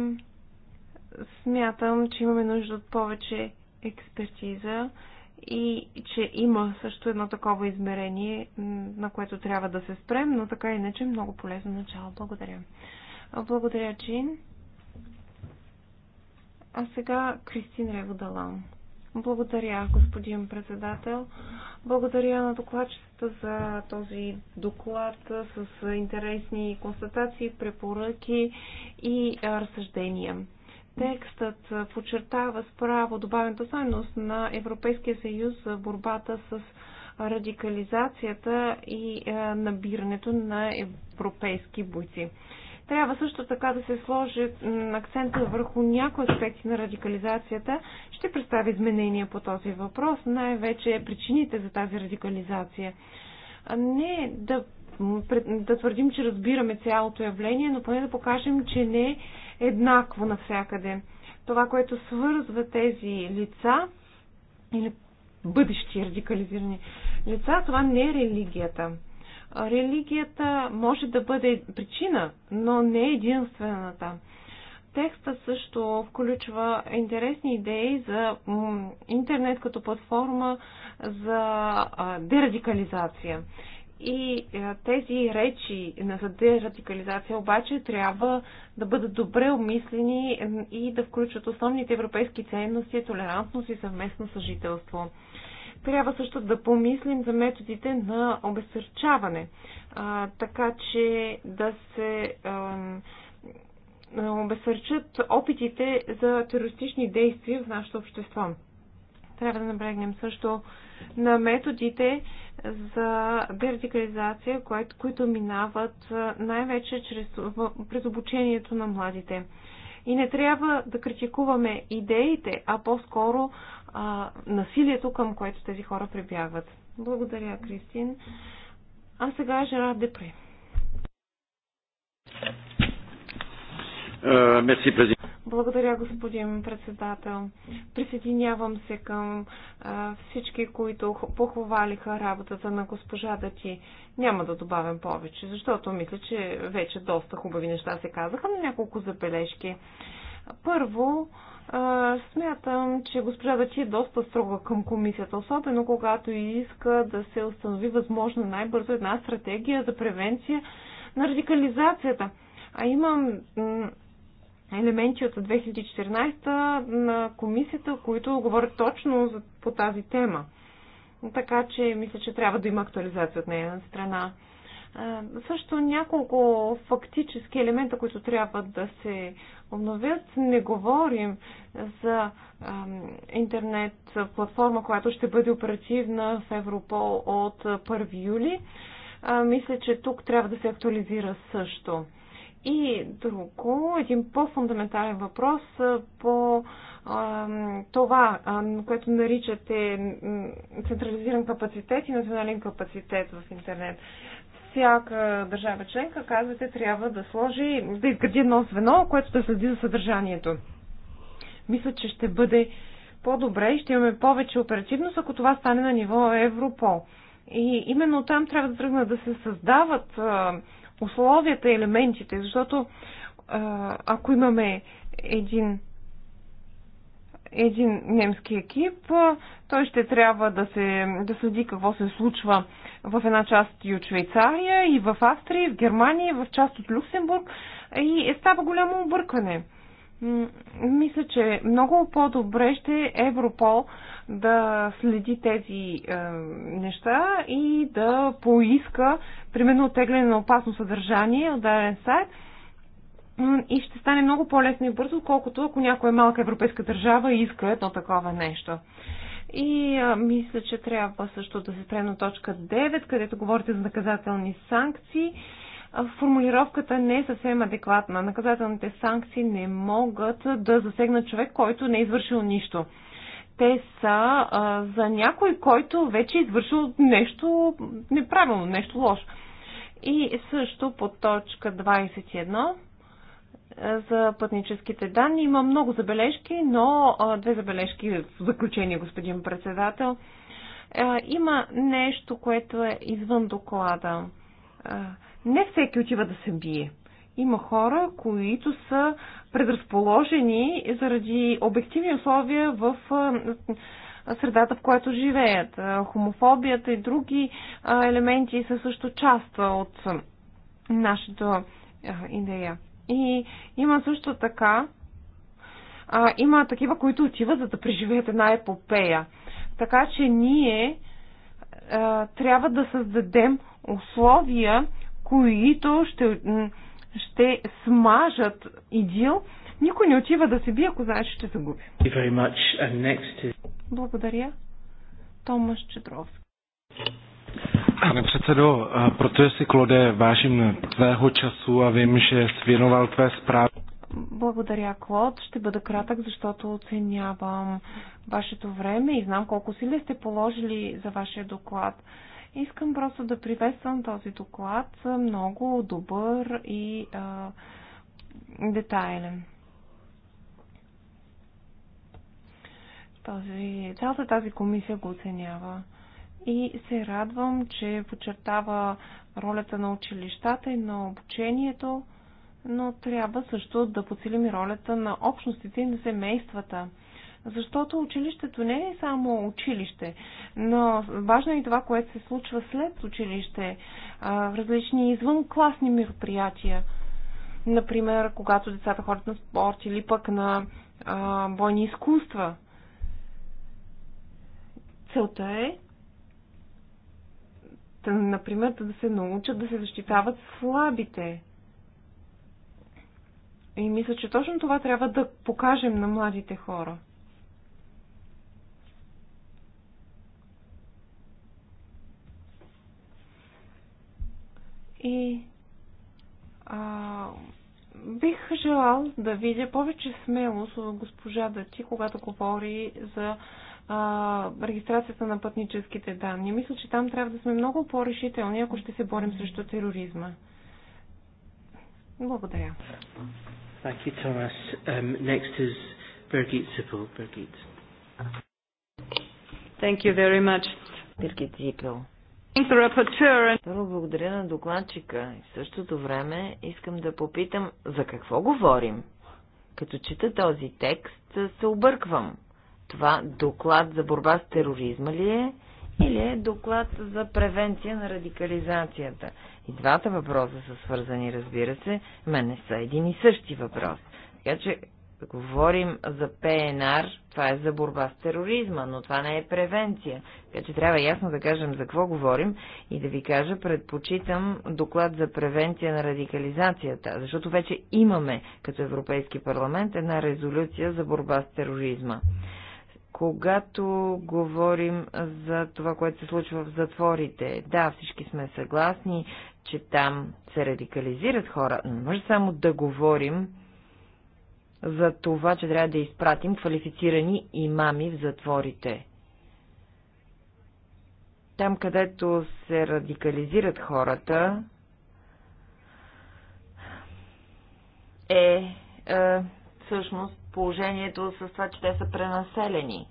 смятам, че имаме нужда от повече експертиза и че има също едно такова измерение, на което трябва да се спрем, но така иначе е много полезно начало. Благодаря. Благодаря, Джин. А сега Кристин Реводалан. Благодаря, господин председател. Благодаря на докладчицата за този доклад с интересни констатации, препоръки и разсъждения. Текстът подчертава справо добавената стойност на Европейския съюз за борбата с радикализацията и е, набирането на европейски бойци. Трябва също така да се сложи акцента върху някои аспекти на радикализацията. Ще представя изменения по този въпрос, най-вече причините за тази радикализация. Не да, да твърдим, че разбираме цялото явление, но поне да покажем, че не е еднакво навсякъде. Това, което свързва тези лица или бъдещи радикализирани лица, това не е религията. Религията може да бъде причина, но не единствената. Текста също включва интересни идеи за интернет като платформа за дерадикализация. И е, тези речи за дерадикализация обаче трябва да бъдат добре обмислени и да включат основните европейски ценности, толерантност и съвместно съжителство. Трябва също да помислим за методите на обесърчаване, а, така че да се а, обесърчат опитите за терористични действия в нашето общество. Трябва да наблегнем също на методите за дерадикализация, които минават най-вече през обучението на младите. И не трябва да критикуваме идеите, а по-скоро а, насилието, към което тези хора прибягват. Благодаря, Кристин. А сега Жерар Депре. Е, Благодаря, господин председател. Присъединявам се към а, е, всички, които похвалиха работата на госпожа Дати. Няма да добавям повече, защото мисля, че вече доста хубави неща се казаха, но няколко забележки. Първо, смятам, че госпожа Дачи е доста строга към комисията, особено когато иска да се установи възможно най-бързо една стратегия за превенция на радикализацията. А имам елементи от 2014 на комисията, които говорят точно по тази тема. Така че мисля, че трябва да има актуализация от нейна страна също няколко фактически елемента, които трябва да се обновят. Не говорим за интернет платформа, която ще бъде оперативна в Европол от 1 юли. Мисля, че тук трябва да се актуализира също. И друго, един по-фундаментален въпрос по това, което наричате централизиран капацитет и национален капацитет в интернет всяка държава членка, казвате, трябва да сложи, да изгради едно звено, което да следи за съдържанието. Мисля, че ще бъде по-добре и ще имаме повече оперативност, ако това стане на ниво Европол. И именно там трябва да тръгнат да се създават условията, елементите, защото ако имаме един един немски екип. Той ще трябва да, се, да следи какво се случва в една част и от Швейцария, и в Австрия, и в Германия, и в част от Люксембург. И е става голямо объркване. Мисля, че много по-добре ще е Европол да следи тези е, неща и да поиска, примерно, оттегляне на опасно съдържание от даден сайт – и ще стане много по-лесно и бързо, колкото ако някоя малка европейска държава иска едно такова нещо. И а, мисля, че трябва също да се спрем на точка 9, където говорите за наказателни санкции. Формулировката не е съвсем адекватна. Наказателните санкции не могат да засегнат човек, който не е извършил нищо. Те са а, за някой, който вече е извършил нещо неправилно, нещо лошо. И също по точка 21 за пътническите данни. Има много забележки, но две забележки в заключение, господин председател. Има нещо, което е извън доклада. Не всеки отива да се бие. Има хора, които са предразположени заради обективни условия в средата, в която живеят. Хомофобията и други елементи са също част от нашата идея. И има също така, а, има такива, които отиват за да преживеят една епопея. Така че ние а, трябва да създадем условия, които ще, ще смажат идил. Никой не отива да се бие, ако знае, че ще се губи. Благодаря. Томаш Чедровски. Pane předsedo, eh, protože si, Klode, vážím tvého času a vím, že jsi věnoval tvé zprávy. Благодаря, Клод. Ще бъда кратък, защото оценявам вашето време и знам колко сили сте положили за вашия доклад. Искам просто да приветствам този доклад. Много добър и а, детайлен. Този, цялата тази комисия го оценява и се радвам, че подчертава ролята на училищата и на обучението, но трябва също да подсилим ролята на общностите и на семействата. Защото училището не е само училище, но важно е и това, което се случва след училище, в различни извънкласни мероприятия. Например, когато децата ходят на спорт или пък на бойни изкуства. Целта е например, да се научат да се защитават слабите. И мисля, че точно това трябва да покажем на младите хора. И а, бих желал да видя повече смелост от госпожа Дати, когато говори за а, регистрацията на пътническите данни. Мисля, че там трябва да сме много по-решителни, ако ще се борим срещу тероризма. Благодаря. Thank you, Thomas. Um, next is Birgit Zippel. Birgit. Thank you very much. Birgit Zippel. Първо благодаря на докладчика и в същото време искам да попитам за какво говорим. Като чета този текст, се обърквам това доклад за борба с тероризма ли е или е доклад за превенция на радикализацията? И двата въпроса са свързани, разбира се, ме не са един и същи въпрос. Така че говорим за ПНР, това е за борба с тероризма, но това не е превенция. Така че трябва ясно да кажем за какво говорим и да ви кажа, предпочитам доклад за превенция на радикализацията, защото вече имаме като Европейски парламент една резолюция за борба с тероризма. Когато говорим за това, което се случва в затворите, да, всички сме съгласни, че там се радикализират хора, но може само да говорим за това, че трябва да изпратим квалифицирани имами в затворите. Там, където се радикализират хората, е, е всъщност положението с това, че те са пренаселени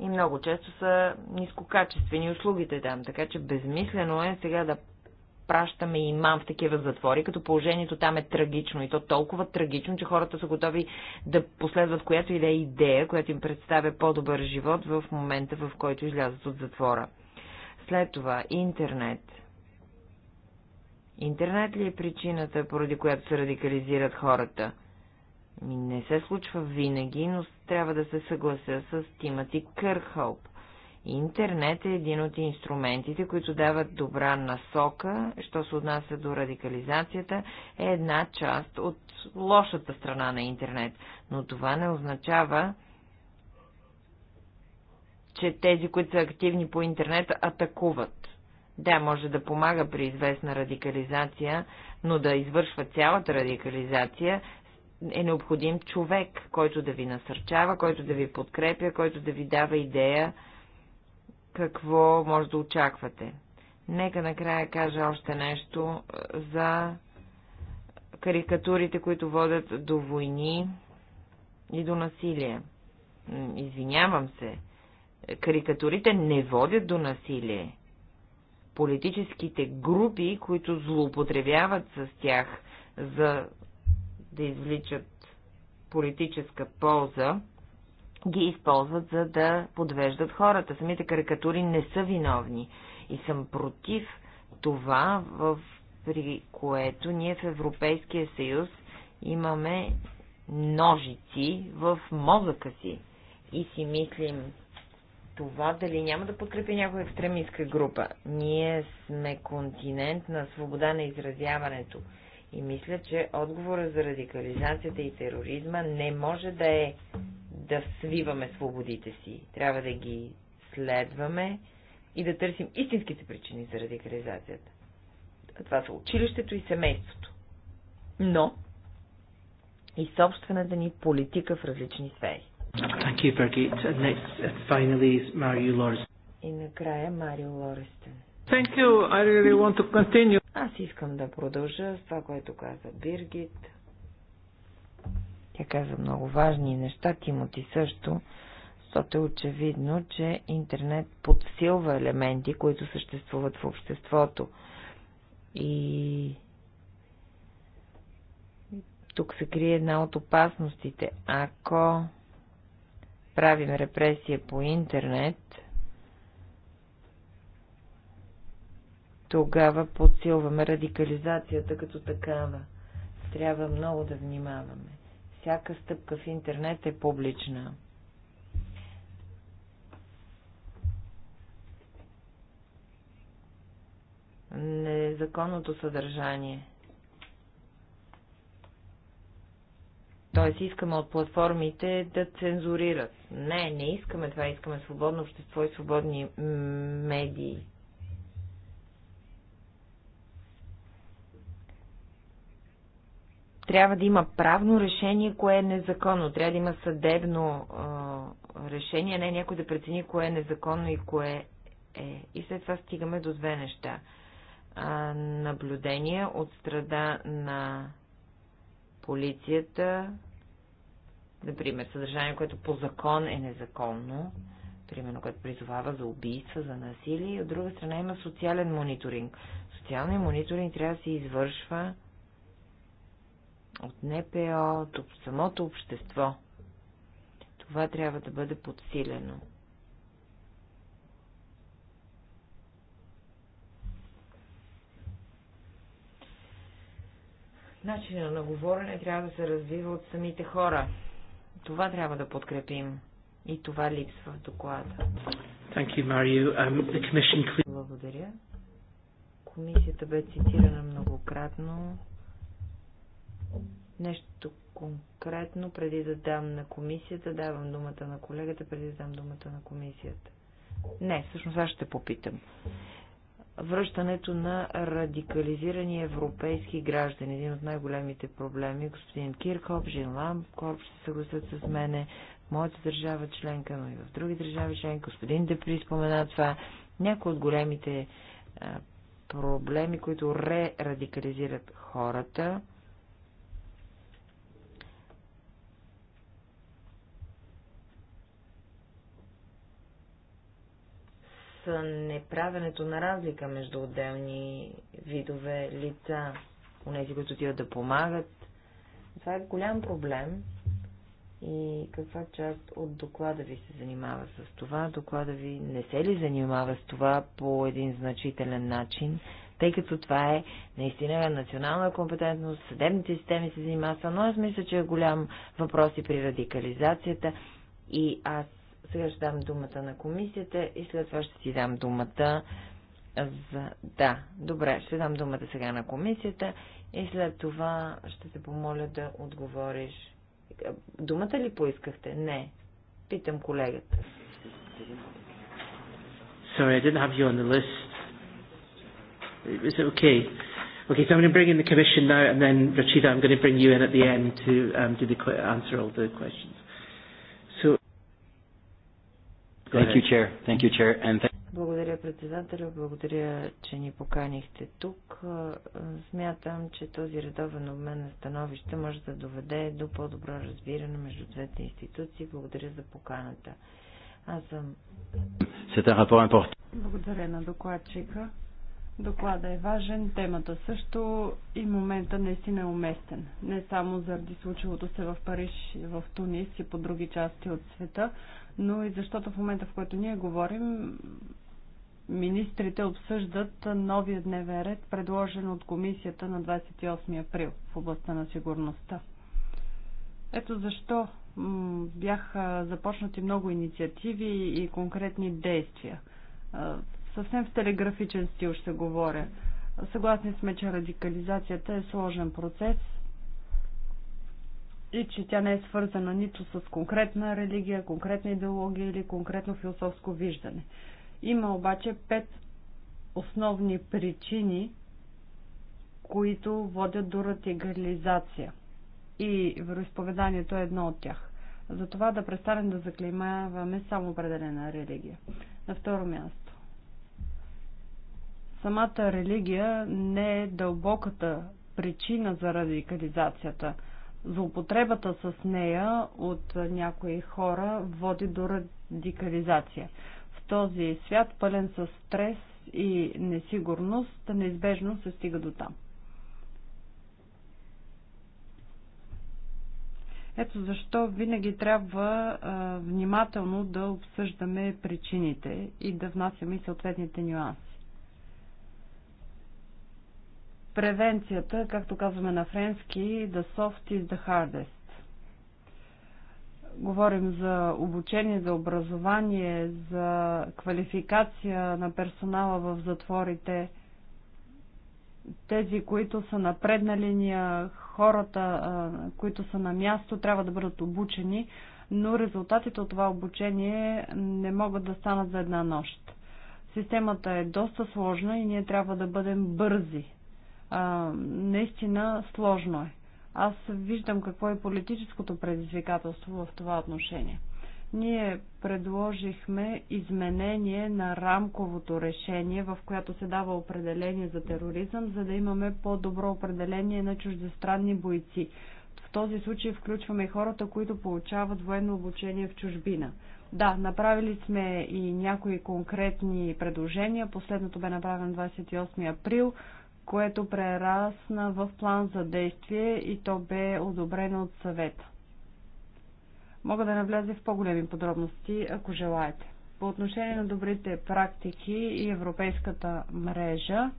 и много често са нискокачествени услугите там, така че безмислено е сега да пращаме имам в такива затвори, като положението там е трагично и то толкова трагично, че хората са готови да последват която и да е идея, която им представя по-добър живот в момента, в който излязат от затвора. След това интернет. Интернет ли е причината, поради която се радикализират хората? не се случва винаги, но трябва да се съглася с Тимати Кърхълп. Интернет е един от инструментите, които дават добра насока, що се отнася до радикализацията, е една част от лошата страна на интернет. Но това не означава, че тези, които са активни по интернет, атакуват. Да, може да помага при известна радикализация, но да извършва цялата радикализация е необходим човек, който да ви насърчава, който да ви подкрепя, който да ви дава идея какво може да очаквате. Нека накрая кажа още нещо е, за карикатурите, които водят до войни и до насилие. Извинявам се, карикатурите не водят до насилие. Политическите групи, които злоупотребяват с тях за да извличат политическа полза, ги използват за да подвеждат хората. Самите карикатури не са виновни. И съм против това, в, при което ние в Европейския съюз имаме ножици в мозъка си и си мислим това дали няма да подкрепи някоя екстремистка група. Ние сме континент на свобода на изразяването. И мисля, че отговора за радикализацията и тероризма не може да е да свиваме свободите си. Трябва да ги следваме и да търсим истинските причини за радикализацията. Това са училището и семейството. Но и собствената ни политика в различни сфери. Thank you, next, uh, finally, is Mario И накрая Марио Лорестен. Thank you. I really want to continue. Аз искам да продължа с това, което каза Биргит. Тя каза много важни неща, Тимоти също, защото е очевидно, че интернет подсилва елементи, които съществуват в обществото. И тук се крие една от опасностите. Ако правим репресия по интернет, тогава подсилваме радикализацията като такава. Трябва много да внимаваме. Всяка стъпка в интернет е публична. Незаконното съдържание. Тоест искаме от платформите да цензурират. Не, не искаме това, искаме свободно общество и свободни медии. трябва да има правно решение, кое е незаконно. Трябва да има съдебно а, решение, не някой да прецени кое е незаконно и кое е. И след това стигаме до две неща. А, наблюдение от страда на полицията, например, съдържание, което по закон е незаконно, примерно, което призовава за убийства, за насилие, и от друга страна има социален мониторинг. Социалният мониторинг трябва да се извършва от НПО, от самото общество. Това трябва да бъде подсилено. Начинът на говорене трябва да се развива от самите хора. Това трябва да подкрепим. И това липсва в доклада. Thank you, Mario. Um, the commission... Благодаря. Комисията бе цитирана многократно нещо конкретно, преди да дам на комисията, давам думата на колегата, преди да дам думата на комисията. Не, всъщност аз ще попитам. Връщането на радикализирани европейски граждани. Един от най-големите проблеми. Господин Кирхоп, Жин Ламкорп ще се съгласят с мене. В моята държава членка, но и в други държави членка. Господин Депри спомена това. Някои от големите проблеми, които ре-радикализират хората неправенето на разлика между отделни видове лица, унези, които отиват да помагат. Това е голям проблем. И каква част от доклада ви се занимава с това? Доклада ви не се ли занимава с това по един значителен начин? Тъй като това е наистина национална компетентност, съдебните системи се занимават но аз мисля, че е голям въпрос и при радикализацията. И аз сега ще дам думата на комисията и след това ще си дам думата за... Да, добре, ще дам думата сега на комисията и след това ще те помоля да отговориш. Думата ли поискахте? Не. Питам колегата. Sorry, I didn't have you on the list. Is it okay? Okay, so I'm going to bring in the Commission now, and then, Rachida, I'm going to bring you in at the end to um, do the, answer all the questions. Благодаря, председателя, Благодаря, че ни поканихте тук. Смятам, че този редовен обмен на становища може да доведе до по-добро разбиране между двете институции. Благодаря за поканата. Аз съм... Благодаря на докладчика. Доклада е важен, темата също и момента наистина е уместен. Не само заради случилото се в Париж, в Тунис и по други части от света, но и защото в момента, в който ние говорим, министрите обсъждат новия дневен ред, предложен от комисията на 28 април в областта на сигурността. Ето защо бяха започнати много инициативи и конкретни действия. Съвсем в телеграфичен стил ще говоря. Съгласни сме, че радикализацията е сложен процес и че тя не е свързана нито с конкретна религия, конкретна идеология или конкретно философско виждане. Има обаче пет основни причини, които водят до радикализация. И вероисповеданието е едно от тях. Затова да престанем да заклеймаваме само определена религия. На второ място. Самата религия не е дълбоката причина за радикализацията – злоупотребата с нея от някои хора води до радикализация. В този свят, пълен с стрес и несигурност, неизбежно се стига до там. Ето защо винаги трябва а, внимателно да обсъждаме причините и да внасяме съответните нюанси превенцията, както казваме на френски, the soft is the hardest. Говорим за обучение, за образование, за квалификация на персонала в затворите, тези, които са на предна линия, хората, които са на място, трябва да бъдат обучени, но резултатите от това обучение не могат да станат за една нощ. Системата е доста сложна и ние трябва да бъдем бързи, а, наистина сложно е. Аз виждам какво е политическото предизвикателство в това отношение. Ние предложихме изменение на рамковото решение, в което се дава определение за тероризъм, за да имаме по-добро определение на чуждестранни бойци. В този случай включваме и хората, които получават военно обучение в чужбина. Да, направили сме и някои конкретни предложения. Последното бе направено 28 април което прерасна в план за действие и то бе одобрено от съвета. Мога да навляза в по-големи подробности, ако желаете. По отношение на добрите практики и европейската мрежа,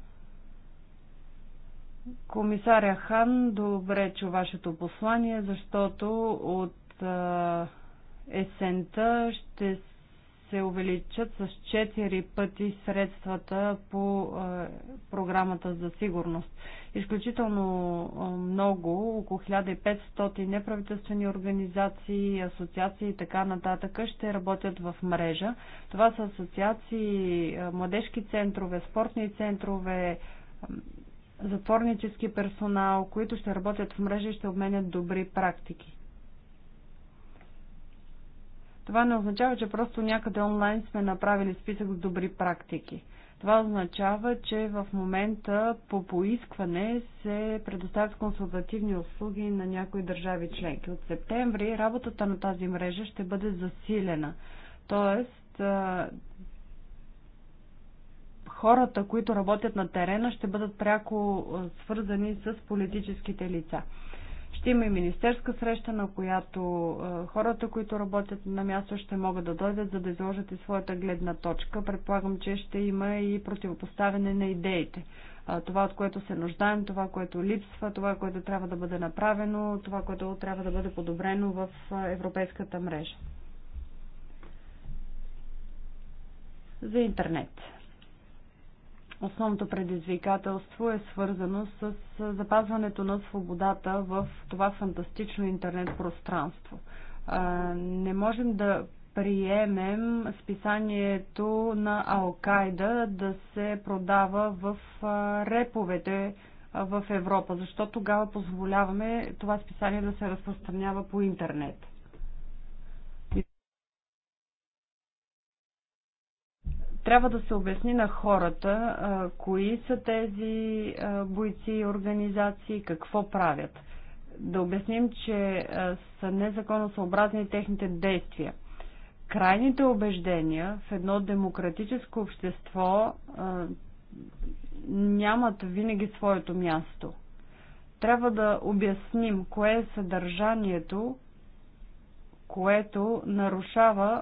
комисаря Хан добре чу вашето послание, защото от есента ще се увеличат с 4 пъти средствата по е, програмата за сигурност. Изключително е, много, около 1500 неправителствени организации, асоциации и така нататък ще работят в мрежа. Това са асоциации, е, младежки центрове, спортни центрове, затворнически персонал, които ще работят в мрежа и ще обменят добри практики. Това не означава, че просто някъде онлайн сме направили списък с добри практики. Това означава, че в момента по поискване се предоставят консултативни услуги на някои държави членки. От септември работата на тази мрежа ще бъде засилена. Тоест, хората, които работят на терена, ще бъдат пряко свързани с политическите лица. Ще има и министерска среща, на която е, хората, които работят на място, ще могат да дойдат, за да изложат и своята гледна точка. Предполагам, че ще има и противопоставяне на идеите. Е, това, от което се нуждаем, това, което липсва, това, което трябва да бъде направено, това, което трябва да бъде подобрено в е, европейската мрежа. За интернет. Основното предизвикателство е свързано с запазването на свободата в това фантастично интернет пространство. Не можем да приемем списанието на Алкайда да се продава в реповете в Европа, защото тогава позволяваме това списание да се разпространява по интернет. Трябва да се обясни на хората кои са тези бойци и организации, какво правят. Да обясним, че са незаконосъобразни техните действия. Крайните убеждения в едно демократическо общество нямат винаги своето място. Трябва да обясним кое е съдържанието, което нарушава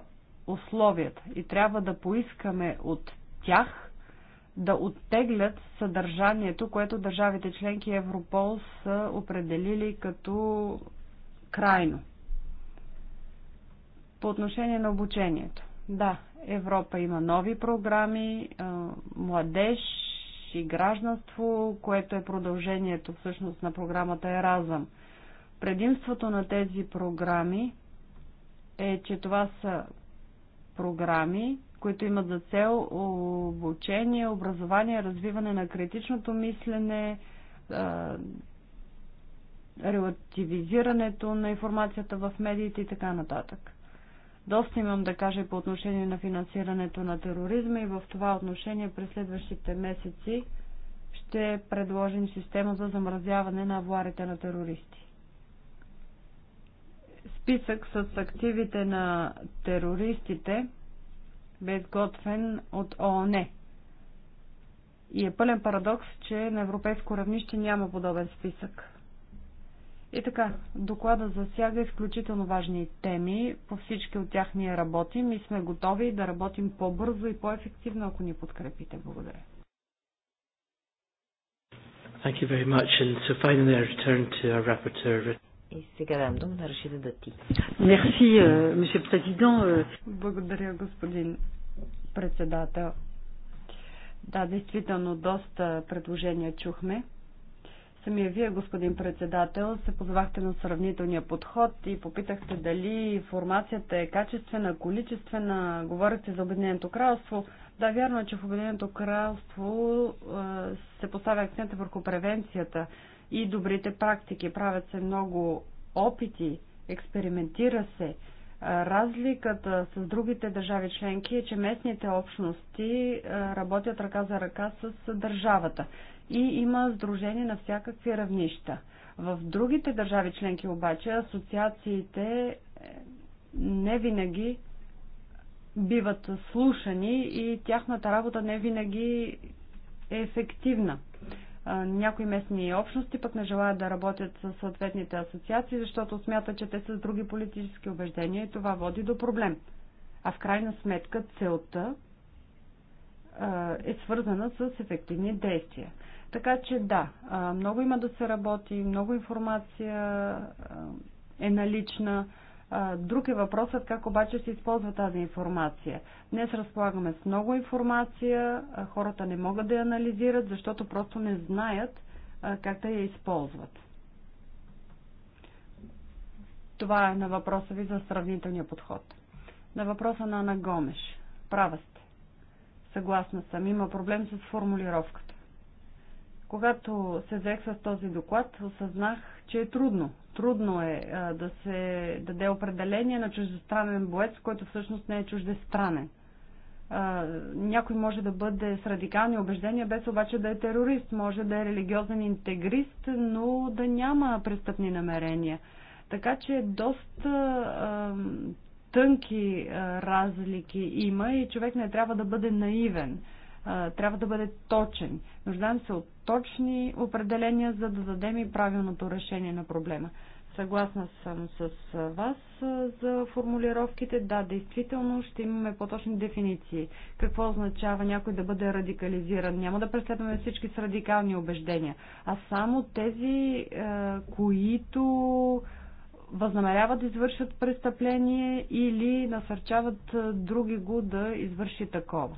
условията и трябва да поискаме от тях да оттеглят съдържанието, което държавите членки Европол са определили като крайно. По отношение на обучението. Да, Европа има нови програми, младеж и гражданство, което е продължението всъщност на програмата Еразъм. Предимството на тези програми е, че това са програми, които имат за цел обучение, образование, развиване на критичното мислене, релативизирането на информацията в медиите и така нататък. Доста имам да кажа по отношение на финансирането на тероризма и в това отношение през следващите месеци ще предложим система за замразяване на авуарите на терористи списък с активите на терористите бе изготвен от ООН. И е пълен парадокс, че на европейско равнище няма подобен списък. И така, доклада засяга изключително важни теми, по всички от тях ние работим и сме готови да работим по-бързо и по-ефективно, ако ни подкрепите. Благодаря. Thank you very much. And so finally I return to our rapporteur. И сега дам дума на Рашида Дати. Мерси, е, мисър президент. Е. Благодаря, господин председател. Да, действително, доста предложения чухме. Самия вие, господин председател, се позвахте на сравнителния подход и попитахте дали информацията е качествена, количествена. говорите за Обединеното кралство. Да, вярно е, че в Обединеното кралство е, се поставя акцент върху превенцията и добрите практики. Правят се много опити, експериментира се. Разликата с другите държави членки е, че местните общности работят ръка за ръка с държавата и има сдружение на всякакви равнища. В другите държави членки обаче асоциациите е, не винаги биват слушани и тяхната работа не винаги е ефективна някои местни общности пък не желаят да работят с съответните асоциации, защото смятат, че те са с други политически убеждения и това води до проблем. А в крайна сметка целта е свързана с ефективни действия. Така че да, много има да се работи, много информация е налична, Друг е въпросът как обаче се използва тази информация. Днес разполагаме с много информация, хората не могат да я анализират, защото просто не знаят как да я използват. Това е на въпроса ви за сравнителния подход. На въпроса на Ана Гомеш. Права сте. Съгласна съм. Има проблем с формулировката. Когато се взех с този доклад, осъзнах, че е трудно трудно е а, да се даде определение на чуждестранен боец, който всъщност не е чуждестранен. А, някой може да бъде с радикални убеждения, без обаче да е терорист, може да е религиозен интегрист, но да няма престъпни намерения. Така че доста а, тънки а, разлики има и човек не трябва да бъде наивен трябва да бъде точен. Нуждаем се от точни определения, за да дадем и правилното решение на проблема. Съгласна съм с вас за формулировките. Да, действително ще имаме по-точни дефиниции. Какво означава някой да бъде радикализиран? Няма да преследваме всички с радикални убеждения, а само тези, които възнамеряват да извършат престъпление или насърчават други го да извърши такова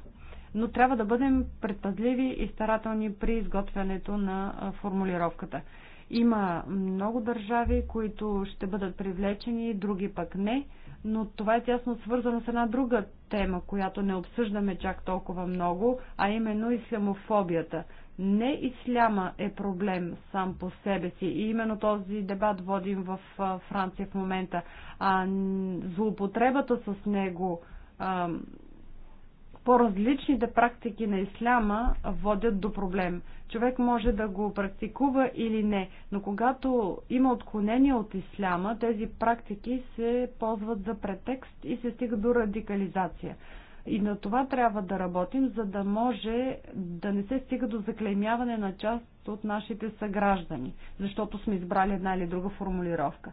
но трябва да бъдем предпазливи и старателни при изготвянето на формулировката. Има много държави, които ще бъдат привлечени, други пък не, но това е тясно свързано с една друга тема, която не обсъждаме чак толкова много, а именно ислямофобията. Не исляма е проблем сам по себе си и именно този дебат водим в Франция в момента, а злоупотребата с него по-различните практики на исляма водят до проблем. Човек може да го практикува или не, но когато има отклонение от исляма, тези практики се ползват за претекст и се стига до радикализация. И на това трябва да работим, за да може да не се стига до заклеймяване на част от нашите съграждани, защото сме избрали една или друга формулировка.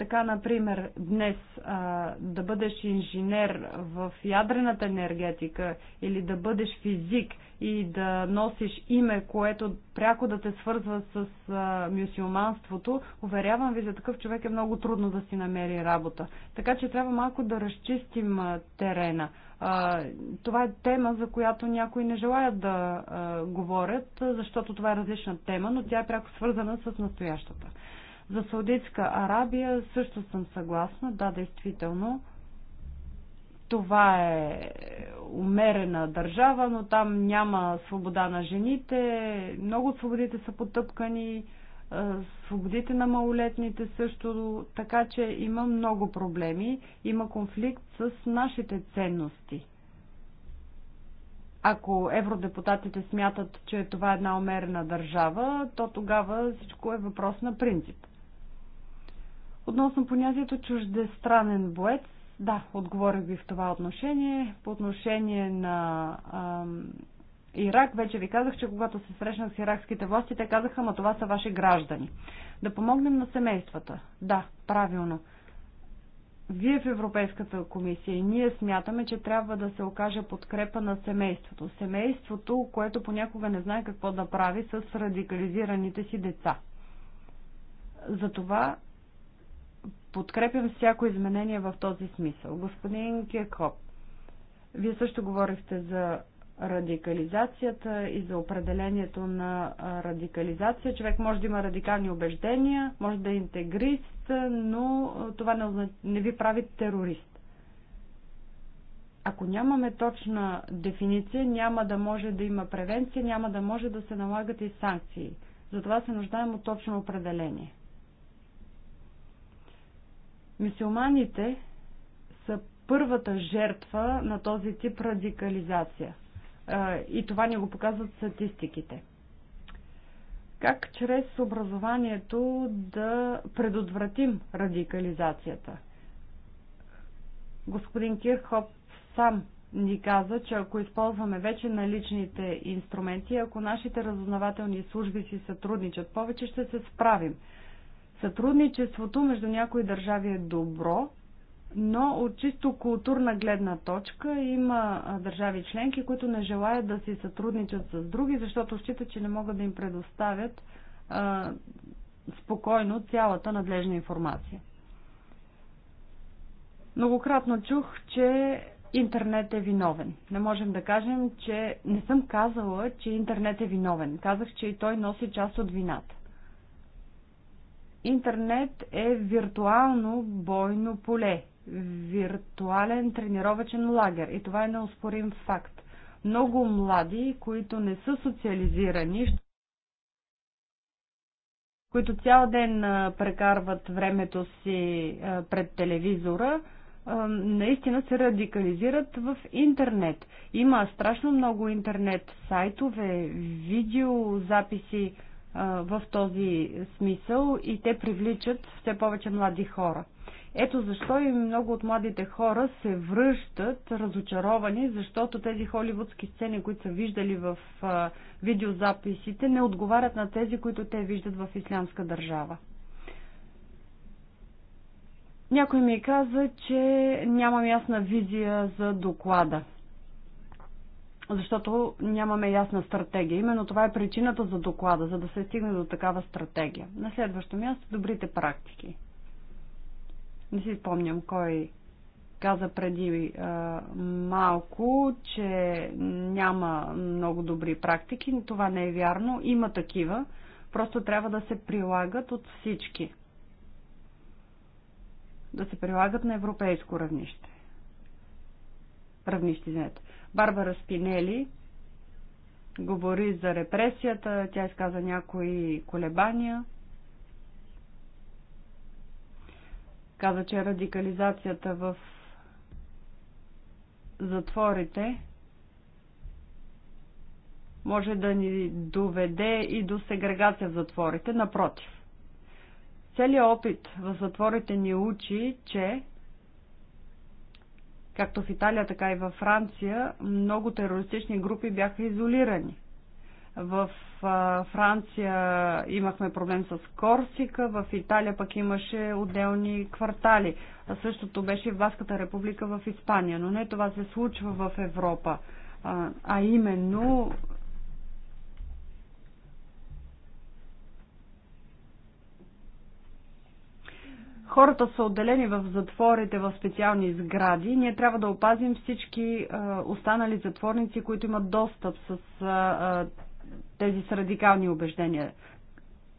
Така, например, днес а, да бъдеш инженер в ядрената енергетика или да бъдеш физик и да носиш име, което пряко да те свързва с а, мюсюлманството, уверявам ви, за такъв човек е много трудно да си намери работа. Така че трябва малко да разчистим а, терена. А, това е тема, за която някои не желаят да а, говорят, защото това е различна тема, но тя е пряко свързана с настоящата. За Саудитска Арабия също съм съгласна. Да, действително. Това е умерена държава, но там няма свобода на жените. Много от свободите са потъпкани. Е, свободите на малолетните също. Така че има много проблеми. Има конфликт с нашите ценности ако евродепутатите смятат, че това е една умерена държава, то тогава всичко е въпрос на принцип. Относно понятието чуждестранен боец, да, отговорих ви в това отношение. По отношение на ам, Ирак, вече ви казах, че когато се срещнах с иракските власти, те казаха, ама това са ваши граждани. Да помогнем на семействата. Да, правилно. Вие в Европейската комисия и ние смятаме, че трябва да се окаже подкрепа на семейството. Семейството, което понякога не знае какво да прави с радикализираните си деца. Затова подкрепям всяко изменение в този смисъл. Господин Кекоп, вие също говорихте за радикализацията и за определението на радикализация. Човек може да има радикални убеждения, може да е интегрист, но това не, не ви прави терорист. Ако нямаме точна дефиниция, няма да може да има превенция, няма да може да се налагат и санкции. Затова се нуждаем от точно определение. Мисиоманите са първата жертва на този тип радикализация. И това ни го показват статистиките. Как чрез образованието да предотвратим радикализацията? Господин Кирхоп сам ни каза, че ако използваме вече наличните инструменти, ако нашите разузнавателни служби си сътрудничат повече, ще се справим. Сътрудничеството между някои държави е добро, но от чисто културна гледна точка има държави членки, които не желаят да си сътрудничат с други, защото считат, че не могат да им предоставят а, спокойно цялата надлежна информация. Многократно чух, че интернет е виновен. Не можем да кажем, че не съм казала, че интернет е виновен. Казах, че и той носи част от вината. Интернет е виртуално бойно поле, виртуален тренировачен лагер и това е неоспорим факт. Много млади, които не са социализирани, които цял ден прекарват времето си пред телевизора, наистина се радикализират в интернет. Има страшно много интернет сайтове, видеозаписи, записи в този смисъл и те привличат все повече млади хора. Ето защо и много от младите хора се връщат разочаровани, защото тези холивудски сцени, които са виждали в видеозаписите, не отговарят на тези, които те виждат в ислямска държава. Някой ми каза, че нямам ясна визия за доклада защото нямаме ясна стратегия. Именно това е причината за доклада, за да се стигне до такава стратегия. На следващо място добрите практики. Не си спомням кой каза преди е, малко, че няма много добри практики. Това не е вярно. Има такива. Просто трябва да се прилагат от всички. Да се прилагат на европейско равнище. Равнище, извинете. Барбара Спинели говори за репресията, тя изказа някои колебания. Каза, че радикализацията в затворите може да ни доведе и до сегрегация в затворите. Напротив, целият опит в затворите ни учи, че Както в Италия, така и във Франция, много терористични групи бяха изолирани. В Франция имахме проблем с Корсика, в Италия пък имаше отделни квартали. А Същото беше и в Баската република в Испания, но не това се случва в Европа, а именно Хората са отделени в затворите в специални сгради. Ние трябва да опазим всички е, останали затворници, които имат достъп с е, е, тези с радикални убеждения.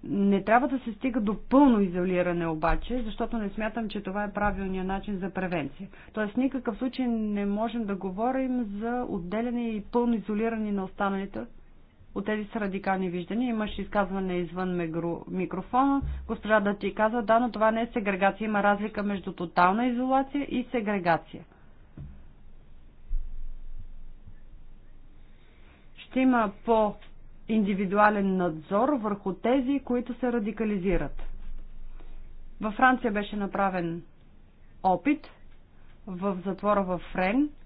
Не трябва да се стига до пълно изолиране обаче, защото не смятам, че това е правилният начин за превенция. Тоест, никакъв случай не можем да говорим за отделяне и пълно изолиране на останалите от тези са радикални виждания. Имаше изказване извън микрофона. Госпожа да ти каза, да, но това не е сегрегация. Има разлика между тотална изолация и сегрегация. Ще има по-индивидуален надзор върху тези, които се радикализират. Във Франция беше направен опит в затвора в Френ –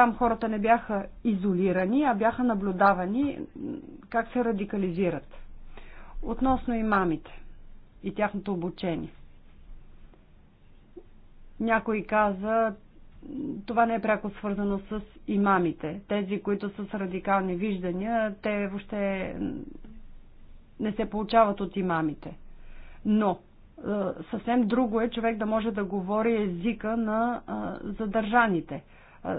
там хората не бяха изолирани, а бяха наблюдавани как се радикализират. Относно имамите и тяхното обучение. Някой каза, това не е пряко свързано с имамите. Тези, които са с радикални виждания, те въобще не се получават от имамите. Но е, съвсем друго е човек да може да говори езика на е, задържаните. Е,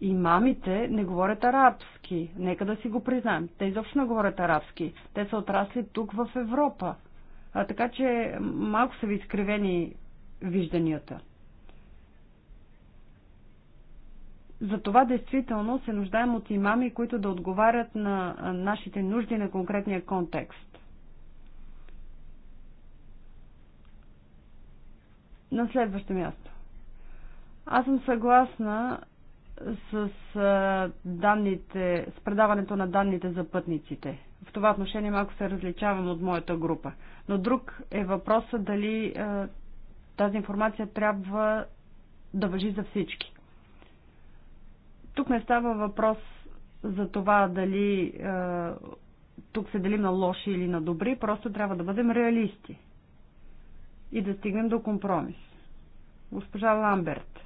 имамите не говорят арабски. Нека да си го признаем. Те изобщо не говорят арабски. Те са отрасли тук в Европа. А, така че малко са ви изкривени вижданията. Затова действително се нуждаем от имами, които да отговарят на нашите нужди на конкретния контекст. На следващо място. Аз съм съгласна с данните, с предаването на данните за пътниците. В това отношение малко се различавам от моята група. Но друг е въпросът дали тази информация трябва да въжи за всички. Тук не става въпрос за това дали тук се делим на лоши или на добри, просто трябва да бъдем реалисти и да стигнем до компромис. Госпожа Ламберт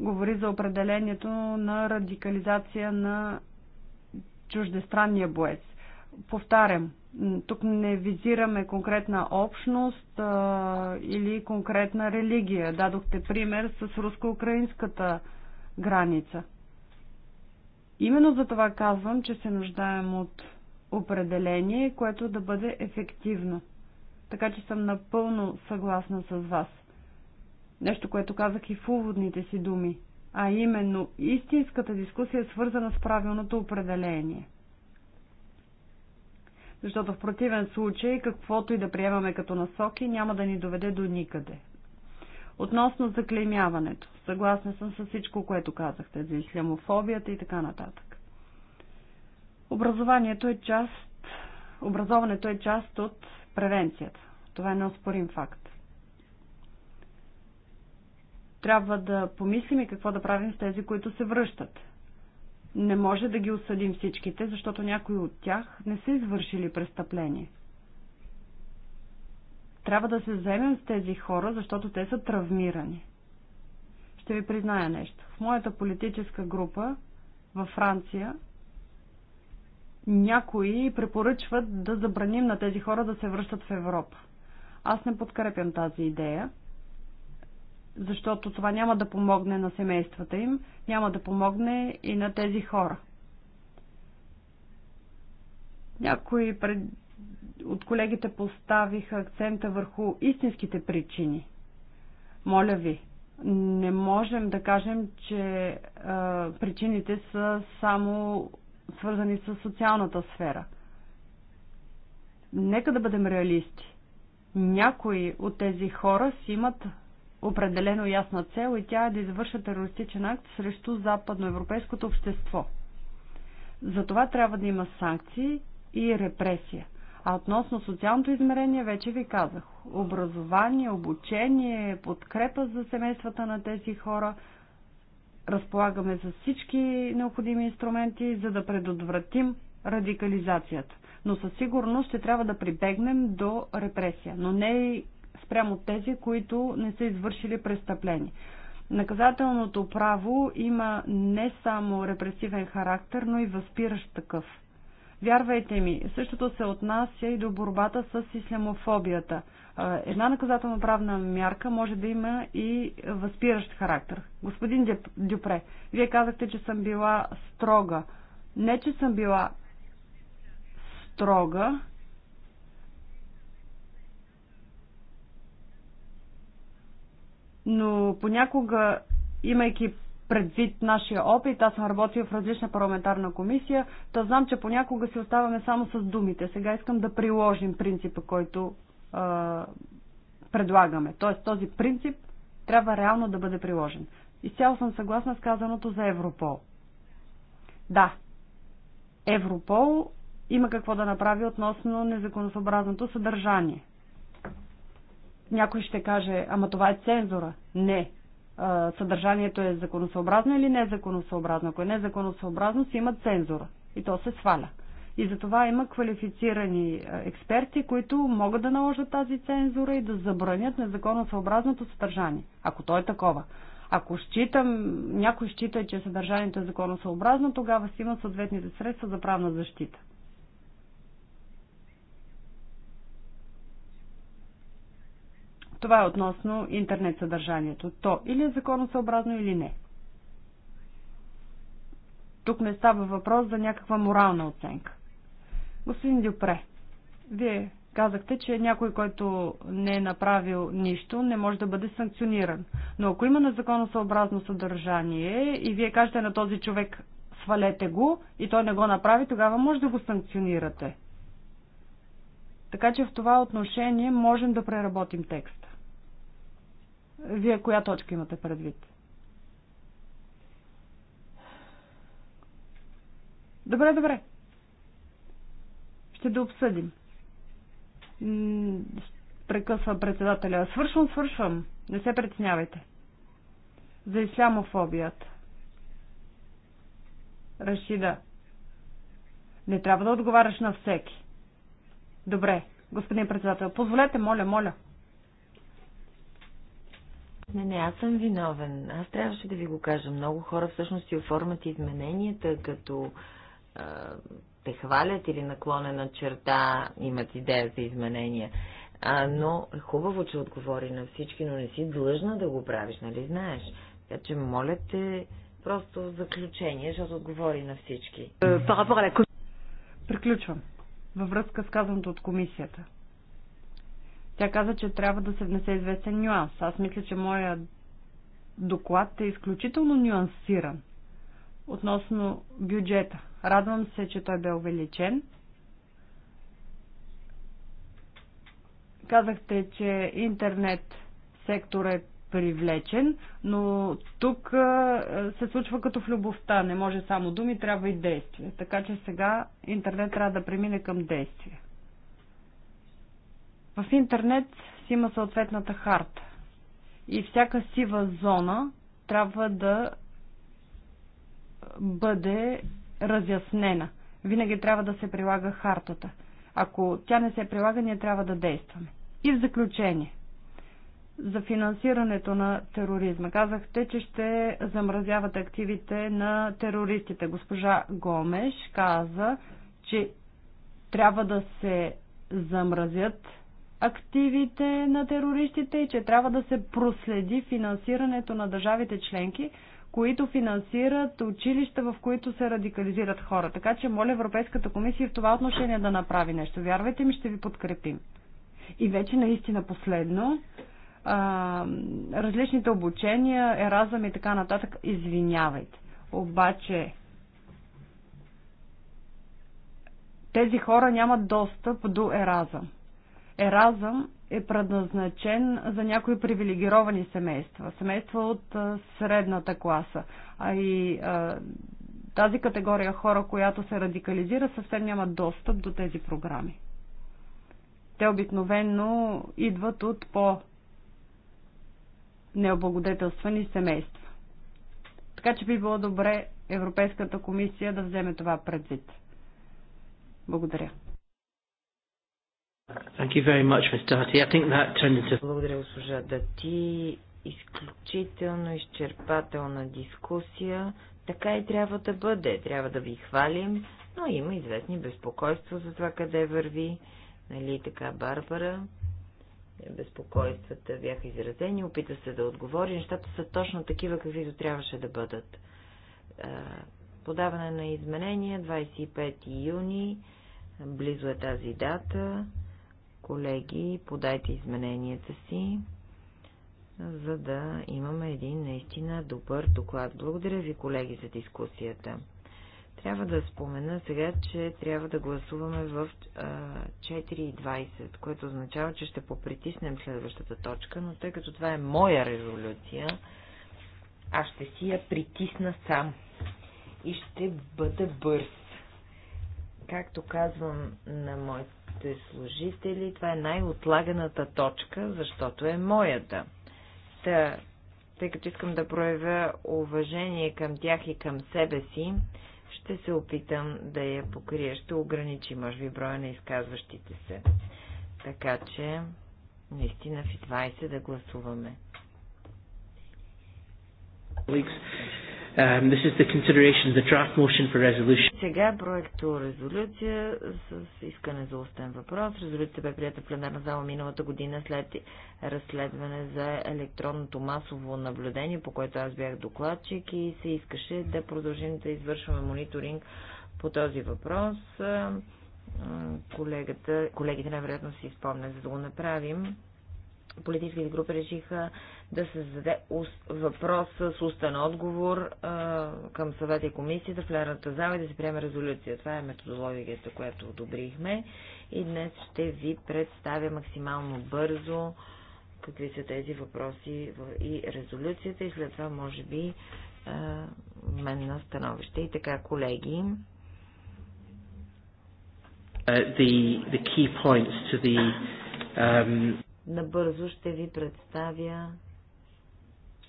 говори за определението на радикализация на чуждестранния боец. Повтарям, тук не визираме конкретна общност а, или конкретна религия. Дадохте пример с руско-украинската граница. Именно за това казвам, че се нуждаем от определение, което да бъде ефективно. Така че съм напълно съгласна с вас. Нещо, което казах и в уводните си думи, а именно истинската дискусия е свързана с правилното определение. Защото в противен случай, каквото и да приемаме като насоки, няма да ни доведе до никъде. Относно заклеймяването, съгласна съм с всичко, което казахте за ислямофобията и така нататък. Образованието е част, образованието е част от превенцията. Това е неоспорим факт. Трябва да помислим и какво да правим с тези, които се връщат. Не може да ги осъдим всичките, защото някои от тях не са извършили престъпление. Трябва да се вземем с тези хора, защото те са травмирани. Ще ви призная нещо. В моята политическа група във Франция някои препоръчват да забраним на тези хора да се връщат в Европа. Аз не подкрепям тази идея защото това няма да помогне на семействата им, няма да помогне и на тези хора. Някои пред... от колегите поставиха акцента върху истинските причини. Моля ви, не можем да кажем, че е, причините са само свързани с социалната сфера. Нека да бъдем реалисти. Някои от тези хора си имат определено ясна цел и тя е да извърша терористичен акт срещу западноевропейското общество. За това трябва да има санкции и репресия. А относно социалното измерение, вече ви казах. Образование, обучение, подкрепа за семействата на тези хора. Разполагаме с всички необходими инструменти, за да предотвратим радикализацията. Но със сигурност ще трябва да прибегнем до репресия, но не и спрямо тези, които не са извършили престъпление. Наказателното право има не само репресивен характер, но и възпиращ такъв. Вярвайте ми, същото се отнася и до борбата с ислямофобията. Една наказателно-правна мярка може да има и възпиращ характер. Господин Дюпре, вие казахте, че съм била строга. Не, че съм била строга, но понякога, имайки предвид нашия опит, аз съм работил в различна парламентарна комисия, да знам, че понякога си оставаме само с думите. Сега искам да приложим принципа, който а, предлагаме. Тоест този принцип трябва реално да бъде приложен. Изцяло съм съгласна с казаното за Европол. Да, Европол има какво да направи относно незаконосъобразното съдържание – някой ще каже, ама това е цензура. Не. Съдържанието е законосъобразно или незаконосъобразно. Ако е незаконосъобразно, си има цензура. И то се сваля. И затова има квалифицирани експерти, които могат да наложат тази цензура и да забранят незаконосъобразното съдържание, ако то е такова. Ако считам, някой счита, че съдържанието е законосъобразно, тогава си има съответните средства за правна защита. Това е относно интернет съдържанието. То или е законосъобразно или не. Тук не става въпрос за някаква морална оценка. Господин Дюпре, вие казахте, че някой, който не е направил нищо, не може да бъде санкциониран. Но ако има незаконосъобразно съдържание и вие кажете на този човек свалете го и той не го направи, тогава може да го санкционирате. Така че в това отношение можем да преработим текст. Вие коя точка имате предвид? Добре, добре. Ще да обсъдим. Прекъсва председателя. Свършвам, свършвам. Не се преценявайте. За ислямофобията. Рашида. Не трябва да отговаряш на всеки. Добре, господин председател. Позволете, моля, моля. Не, не, аз съм виновен. Аз трябваше да ви го кажа. Много хора всъщност си оформят измененията, като а, те хвалят или наклонена черта имат идея за изменения. А, но е хубаво, че отговори на всички, но не си длъжна да го правиш, нали знаеш? Така че моля те просто в заключение, защото отговори на всички. Е, Приключвам. Във връзка с казаното от комисията. Тя каза, че трябва да се внесе известен нюанс. Аз мисля, че моя доклад е изключително нюансиран относно бюджета. Радвам се, че той бе увеличен. Казахте, че интернет сектор е привлечен, но тук се случва като в любовта. Не може само думи, трябва и действие. Така че сега интернет трябва да премине към действие. В интернет си има съответната харта. И всяка сива зона трябва да бъде разяснена. Винаги трябва да се прилага хартата. Ако тя не се прилага, ние трябва да действаме. И в заключение, за финансирането на тероризма. Казахте, че ще замразяват активите на терористите. Госпожа Гомеш каза, че трябва да се замразят активите на терористите и че трябва да се проследи финансирането на държавите членки, които финансират училища, в които се радикализират хора. Така че моля Европейската комисия в това отношение да направи нещо. Вярвайте ми, ще ви подкрепим. И вече наистина последно, а, различните обучения, еразъм и така нататък, извинявайте. Обаче, тези хора нямат достъп до еразъм. Еразъм е предназначен за някои привилегировани семейства, семейства от средната класа, а и а, тази категория хора, която се радикализира, съвсем няма достъп до тези програми. Те обикновенно идват от по необлагодетелствани семейства. Така че би било добре Европейската комисия да вземе това предвид. Благодаря. Thank you very much, Ms. I think that turned into... Благодаря, госпожа Дати. Изключително изчерпателна дискусия. Така и трябва да бъде. Трябва да ви хвалим, но има известни безпокойства за това къде върви. Нали така, Барбара? Безпокойствата бяха изразени. Опита се да отговори. Нещата са точно такива, каквито трябваше да бъдат. Подаване на изменения 25 юни. Близо е тази дата. Колеги, подайте измененията си, за да имаме един наистина добър доклад. Благодаря ви, колеги, за дискусията. Трябва да спомена сега, че трябва да гласуваме в 4.20, което означава, че ще попритиснем следващата точка, но тъй като това е моя резолюция, аз ще си я притисна сам и ще бъда бърз. Както казвам на моите своите служители. Това е най-отлаганата точка, защото е моята. Та, тъй като искам да проявя уважение към тях и към себе си, ще се опитам да я покрия. Ще ограничи, може би, броя на изказващите се. Така че, наистина в 20 да гласуваме. Um, this is the consideration of the draft motion for resolution. Сега проекто резолюция с искане за устен въпрос. Резолюцията бе прията в пленарна зала миналата година след разследване за електронното масово наблюдение, по което аз бях докладчик и се искаше да продължим да извършваме мониторинг по този въпрос. Колегата, колегите най-вероятно си спомнят, за да го направим политическите групи решиха да се зададе въпрос с устен отговор а, към съвета и комисията в Лерната зала и да се приеме резолюция. Това е методологията, която одобрихме и днес ще ви представя максимално бързо какви са тези въпроси и резолюцията и след това може би мен на становище. И така, колеги. Uh, the, the key points to the, um... Набързо ще ви представя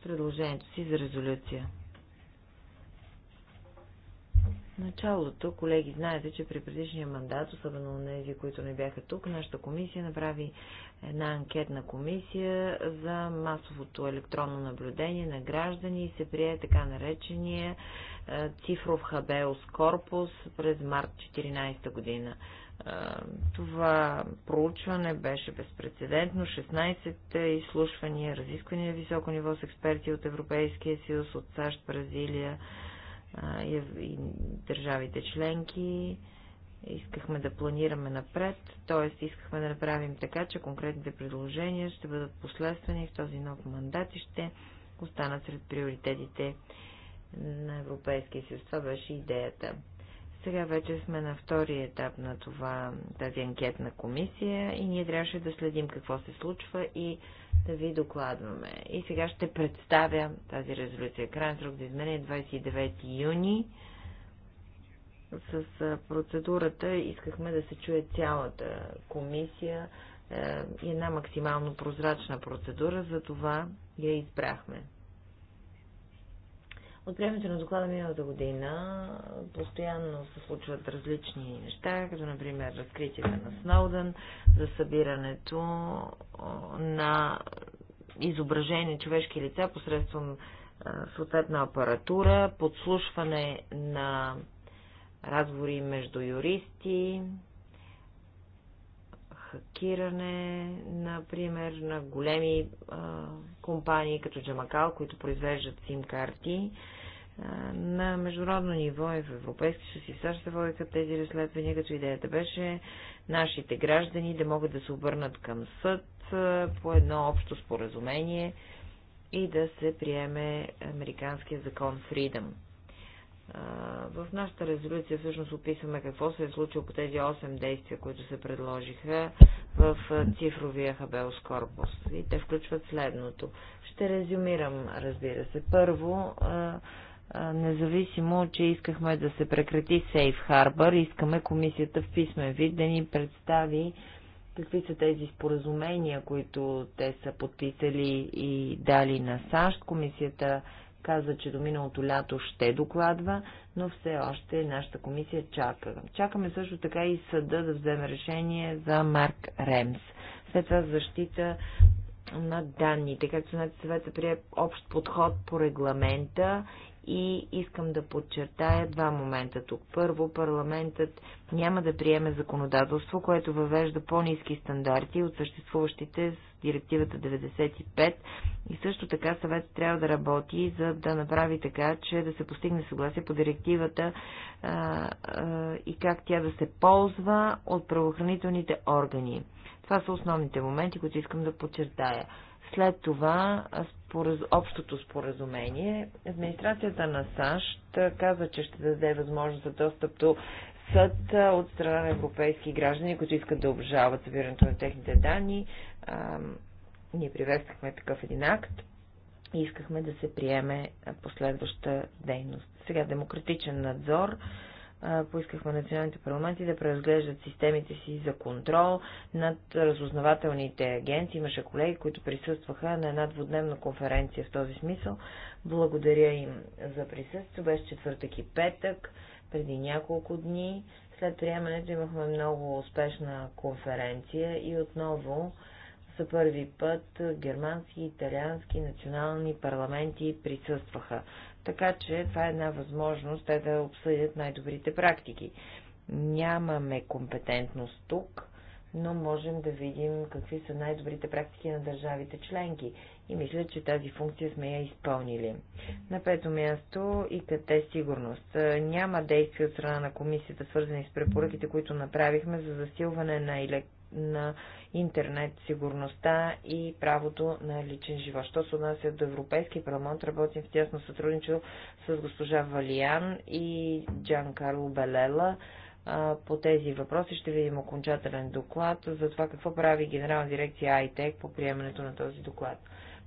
предложението си за резолюция. В началото, колеги, знаете, че при предишния мандат, особено на тези, които не бяха тук, нашата комисия направи една анкетна комисия за масовото електронно наблюдение на граждани и се прие така наречения цифров хабеос корпус през март 14 година. Това проучване беше безпредседентно. 16 изслушвания, разисквания на високо ниво с експерти от Европейския съюз, от САЩ, Бразилия и държавите членки. Искахме да планираме напред, т.е. искахме да направим така, че конкретните предложения ще бъдат последствени в този нов мандат и ще останат сред приоритетите на Европейския съюз. Това беше идеята. Сега вече сме на втори етап на това, тази анкетна комисия и ние трябваше да следим какво се случва и да ви докладваме. И сега ще представя тази резолюция. Крайен срок за изменение 29 е юни. С процедурата искахме да се чуе цялата комисия е, и една максимално прозрачна процедура, за това я избрахме. От времето на доклада миналата година постоянно се случват различни неща, като например разкритията на Сноуден, за събирането на изображени човешки лица посредством съответна апаратура, подслушване на разговори между юристи, хакиране, например, на големи а, компании като Джамакал, които произвеждат сим-карти на международно ниво и в Европейски съюз и в САЩ се водиха тези разследвания, като идеята беше нашите граждани да могат да се обърнат към съд по едно общо споразумение и да се приеме американския закон Freedom. В нашата резолюция всъщност описваме какво се е случило по тези 8 действия, които се предложиха в цифровия Хабелс Корпус. И те включват следното. Ще резюмирам, разбира се. Първо, независимо, че искахме да се прекрати Safe Harbor, искаме комисията в писмен вид да ни представи какви са тези споразумения, които те са подписали и дали на САЩ. Комисията каза, че до миналото лято ще докладва, но все още нашата комисия чака. Чакаме също така и съда да вземе решение за Марк Ремс. След това защита на данните. Както знаете, съвета прие общ подход по регламента и искам да подчертая два момента тук. Първо, парламентът няма да приеме законодателство, което въвежда по-низки стандарти от съществуващите с директивата 95 и също така съвет трябва да работи, за да направи така, че да се постигне съгласие по директивата а, а, и как тя да се ползва от правоохранителните органи. Това са основните моменти, които искам да подчертая. След това спораз... общото споразумение, администрацията на САЩ каза, че ще даде възможност за достъп до съд от страна на европейски граждани, които искат да обжават събирането на техните данни. А, ние приветствахме такъв един акт и искахме да се приеме последваща дейност. Сега демократичен надзор поискахме националните парламенти да преразглеждат системите си за контрол над разузнавателните агенции. Имаше колеги, които присъстваха на една двудневна конференция в този смисъл. Благодаря им за присъствието. Беше четвъртък и петък, преди няколко дни. След приемането имахме много успешна конференция и отново за първи път германски и италиански национални парламенти присъстваха. Така че това е една възможност те да обсъдят най-добрите практики. Нямаме компетентност тук, но можем да видим какви са най-добрите практики на държавите членки и мисля, че тази функция сме я изпълнили. На пето място и къде сигурност. Няма действия от страна на комисията, свързани с препоръките, които направихме за засилване на електронните на интернет, сигурността и правото на личен живот. Що се отнася до Европейски парламент, работим в тясно сътрудничество с госпожа Валиан и Джан Карло Белела по тези въпроси. Ще видим окончателен доклад за това какво прави Генерална дирекция ITEC по приемането на този доклад.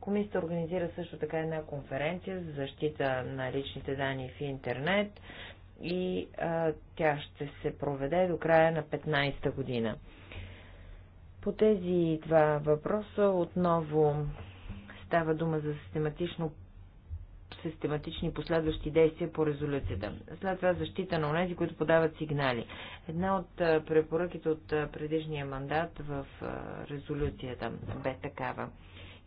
Комисията организира също така една конференция за защита на личните данни в интернет и а, тя ще се проведе до края на 15-та година. По тези два въпроса отново става дума за систематично систематични последващи действия по резолюцията. След това защита на онези, които подават сигнали. Една от препоръките от предишния мандат в резолюцията бе такава.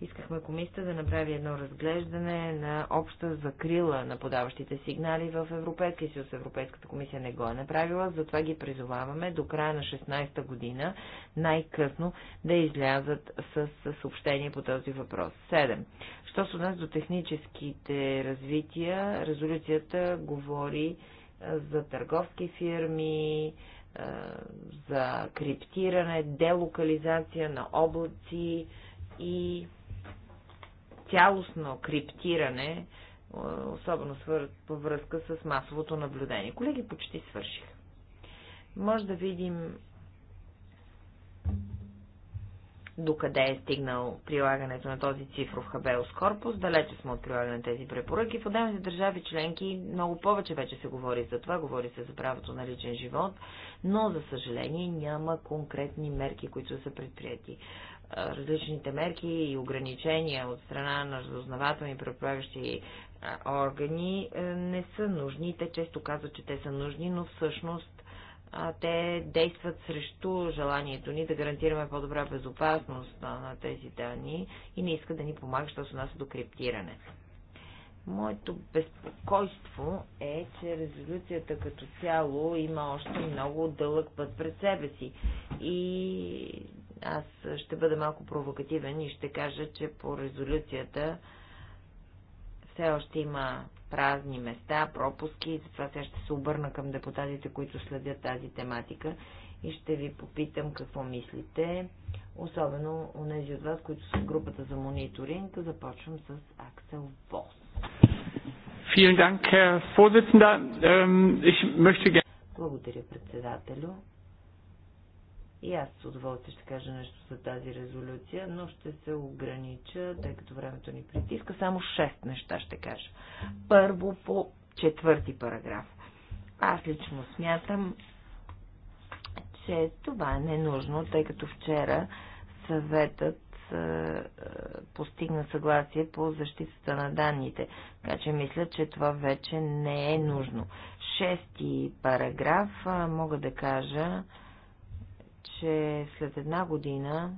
Искахме комисията да направи едно разглеждане на обща закрила на подаващите сигнали в Европейския съюз. Европейската комисия не го е направила, затова ги призоваваме до края на 16-та година най-късно да излязат с съобщение по този въпрос. 7. Що се отнася до техническите развития, резолюцията говори за търговски фирми, за криптиране, делокализация на облаци и цялостно криптиране, е, особено във връзка с масовото наблюдение. Колеги, почти свърших. Може да видим докъде е стигнал прилагането на този цифров хабеус корпус. Далече сме от прилагане на тези препоръки. В отделните държави членки много повече вече се говори за това, говори се за правото на личен живот, но за съжаление няма конкретни мерки, които са предприяти различните мерки и ограничения от страна на разузнавателни преправящи органи е, не са нужни. Те често казват, че те са нужни, но всъщност те действат срещу желанието ни да гарантираме по-добра безопасност на тези данни и не искат да ни помага, що се нас до криптиране. Моето безпокойство е, че резолюцията като цяло има още много дълъг път пред себе си и аз ще бъда малко провокативен и ще кажа, че по резолюцията все още има празни места, пропуски, и затова сега ще се обърна към депутатите, които следят тази тематика и ще ви попитам какво мислите, особено у нези от вас, които са в групата за мониторинг. Започвам с Аксел Вос. Ähm, Благодаря, председателю. И аз с удоволствие ще кажа нещо за тази резолюция, но ще се огранича, тъй като времето ни притиска. Само шест неща ще кажа. Първо по четвърти параграф. Аз лично смятам, че това е нужно, тъй като вчера съветът е, е, постигна съгласие по защитата на данните. Така че мисля, че това вече не е нужно. Шести параграф е, мога да кажа, че след една година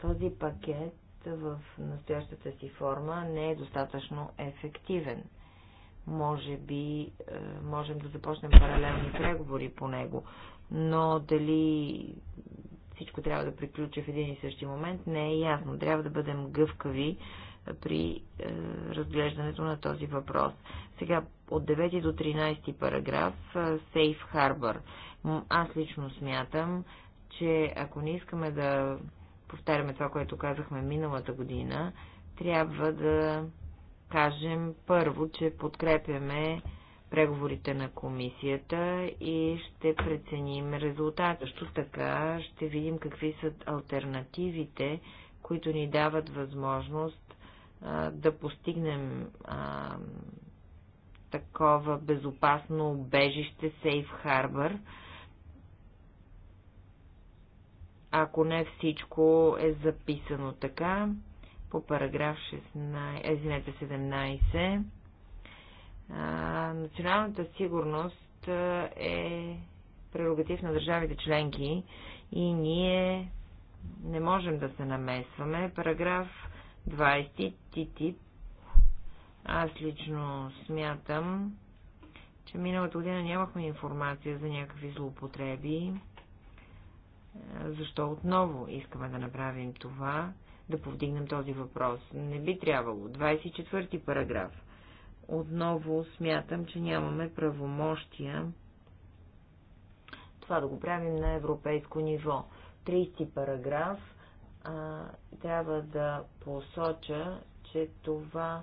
този пакет в настоящата си форма не е достатъчно ефективен. Може би е, можем да започнем паралелни преговори по него, но дали всичко трябва да приключи в един и същи момент не е ясно. Трябва да бъдем гъвкави при е, разглеждането на този въпрос. Сега от 9 до 13 параграф е, Safe Harbor. Аз лично смятам, че ако не искаме да повтаряме това, което казахме миналата година, трябва да кажем първо, че подкрепяме преговорите на комисията и ще преценим резултата. Също така ще видим какви са альтернативите, които ни дават възможност а, да постигнем а, такова безопасно убежище, сейф харбър, ако не всичко е записано така, по параграф 16, 17, е, а, националната сигурност е прерогатив на държавите членки и ние не можем да се намесваме. Параграф 20, ТИТИП, аз лично смятам, че миналата година нямахме информация за някакви злоупотреби защо отново искаме да направим това, да повдигнем този въпрос? Не би трябвало. 24 параграф. Отново смятам, че нямаме правомощия това да го правим на европейско ниво. 30 параграф а, трябва да посоча, че това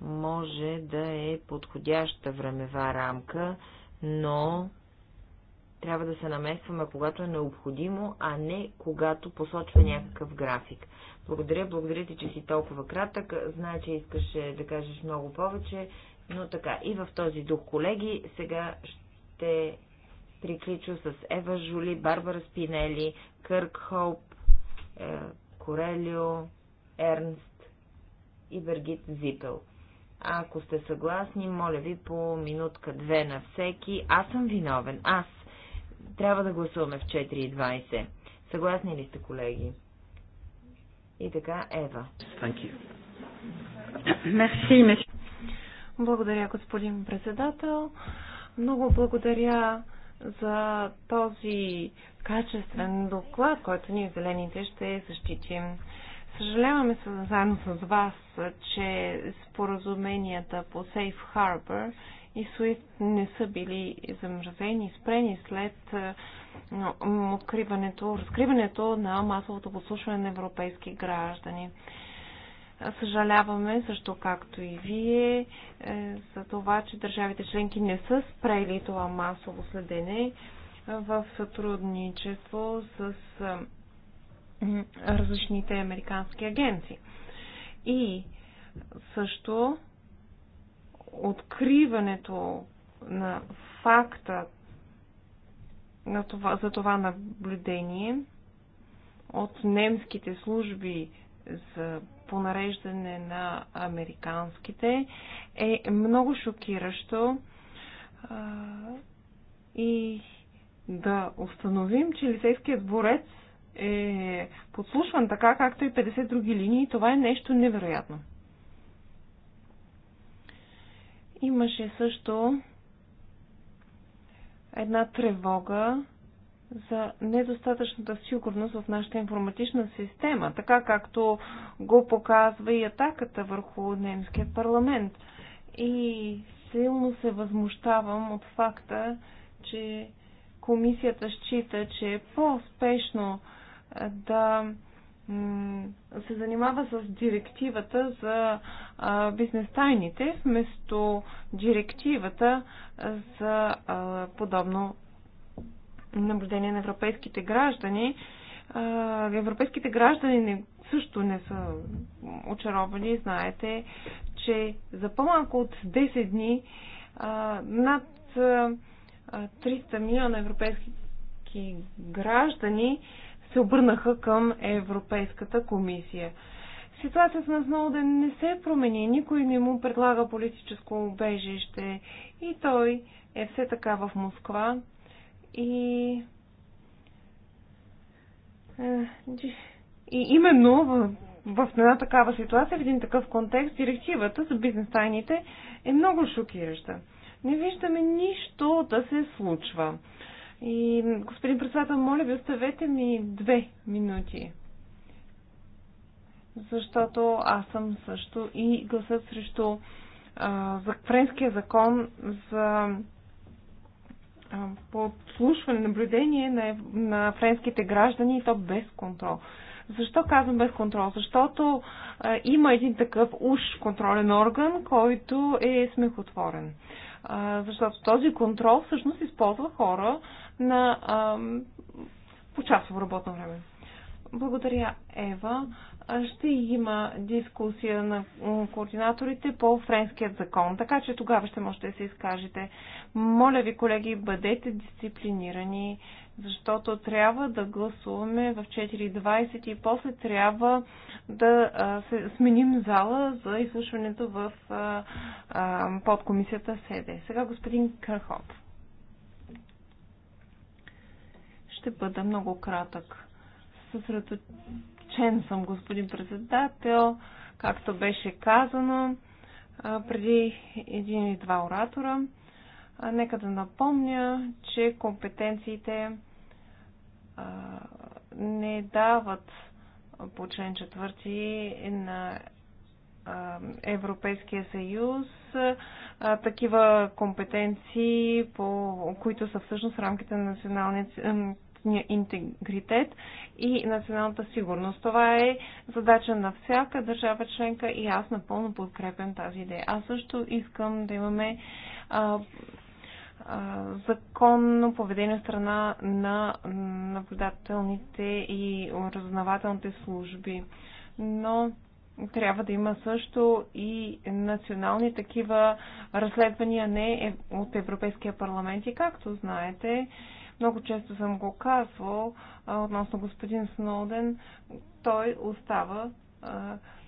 може да е подходяща времева рамка, но трябва да се намесваме, когато е необходимо, а не когато посочва някакъв график. Благодаря, благодаря ти, че си толкова кратък. Знае, че искаше да кажеш много повече, но така и в този дух, колеги, сега ще приключу с Ева Жули, Барбара Спинели, Кърк Хоуп, е, Корелио, Ернст и Бергит Зипел. Ако сте съгласни, моля ви по минутка две на всеки. Аз съм виновен. Аз. Трябва да гласуваме в 4.20. Съгласни ли сте, колеги? И така, Ева. Благодаря, господин председател. Много благодаря за този качествен доклад, който ние зелените ще защитим. Съжаляваме се заедно с вас, че споразуменията по Safe Harbor и Суит не са били замразени, спрени след откриването, разкриването на масовото послушване на европейски граждани. Съжаляваме, също както и вие, е, за това, че държавите членки не са спрели това масово следене в сътрудничество с различните американски агенции. И също откриването на факта на това, за това наблюдение от немските служби за понареждане на американските е много шокиращо а, и да установим, че Лисейският дворец е подслушван така, както и 50 други линии, това е нещо невероятно. Имаше също една тревога за недостатъчната сигурност в нашата информатична система, така както го показва и атаката върху немския парламент. И силно се възмущавам от факта, че комисията счита, че е по-успешно да се занимава с директивата за бизнес тайните вместо директивата за подобно наблюдение на европейските граждани. Европейските граждани също не са очаровани. Знаете, че за по-малко от 10 дни над 300 милиона европейски граждани се обърнаха към Европейската комисия. Ситуацията на Сноуден не се промени, никой не му предлага политическо убежище и той е все така в Москва и е, и именно в, в една такава ситуация, в един такъв контекст, директивата за бизнес тайните е много шокираща. Не виждаме нищо да се случва. И, господин председател, моля ви, оставете ми две минути. Защото аз съм също и гласът срещу а, за френския закон за подслушване, наблюдение на, на френските граждани и то без контрол. Защо казвам без контрол? Защото а, има един такъв уж контролен орган, който е смехотворен. А, защото този контрол всъщност използва хора на часово работно време. Благодаря, Ева. Ще има дискусия на координаторите по френският закон, така че тогава ще можете да се изкажете. Моля ви, колеги, бъдете дисциплинирани защото трябва да гласуваме в 4.20 и после трябва да се сменим зала за изслушването в подкомисията СЕДЕ. Сега господин Кърхоп. Ще бъда много кратък. Съсредоточен съм, господин председател, както беше казано преди един или два оратора. Нека да напомня, че компетенциите не дават по член 4 на Европейския съюз такива компетенции, по, които са всъщност в рамките на националния интегритет и националната сигурност. Това е задача на всяка държава членка и аз напълно подкрепям тази идея. Аз също искам да имаме а, законно поведение от страна на наблюдателните и разузнавателните служби. Но трябва да има също и национални такива разследвания, не е от Европейския парламент. И както знаете, много често съм го казвал относно господин Сноуден, той остава,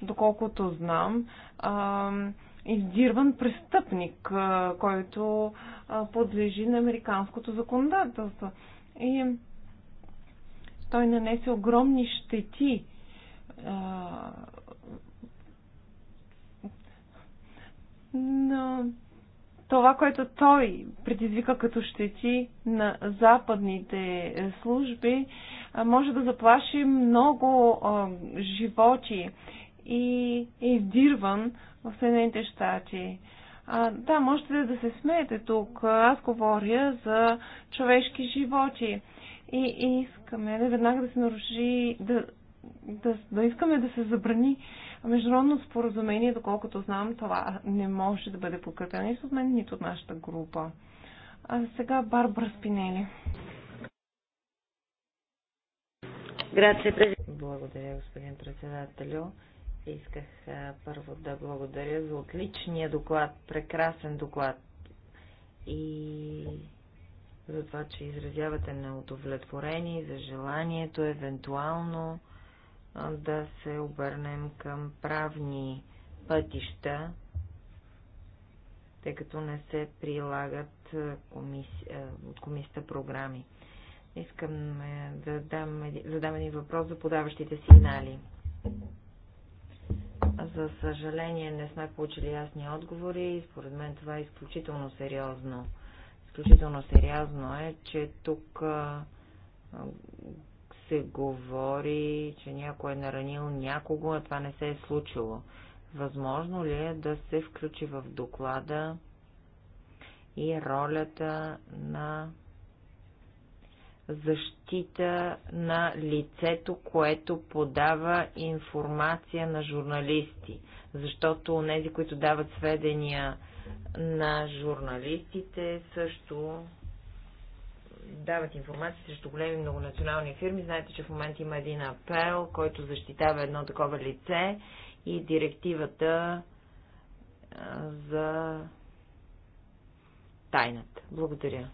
доколкото знам, издирван престъпник, който подлежи на американското законодателство. И той нанесе огромни щети. Но това, което той предизвика като щети на западните служби, може да заплаши много животи и е издирван в Съединените щати. А, да, можете да се смеете тук. Аз говоря за човешки животи. И, и искаме да веднага да се наруши, да, да, да искаме да се забрани международно споразумение, доколкото знам, това не може да бъде подкрепено нито от мен, нито от нашата група. А сега Барбара Спинели. Благодаря, господин председателю. Исках първо да благодаря за отличния доклад, прекрасен доклад и за това, че изразявате неудовлетворение, за желанието евентуално да се обърнем към правни пътища, тъй като не се прилагат комис... от комисията програми. Искам да задам един въпрос за подаващите сигнали. За съжаление не сме получили ясни отговори и според мен това е изключително сериозно. Изключително сериозно е, че тук се говори, че някой е наранил някого, а това не се е случило. Възможно ли е да се включи в доклада и ролята на защита на лицето, което подава информация на журналисти. Защото тези, които дават сведения на журналистите, също дават информация срещу големи многонационални фирми. Знаете, че в момента има един апел, който защитава едно такова лице и директивата за тайната. Благодаря.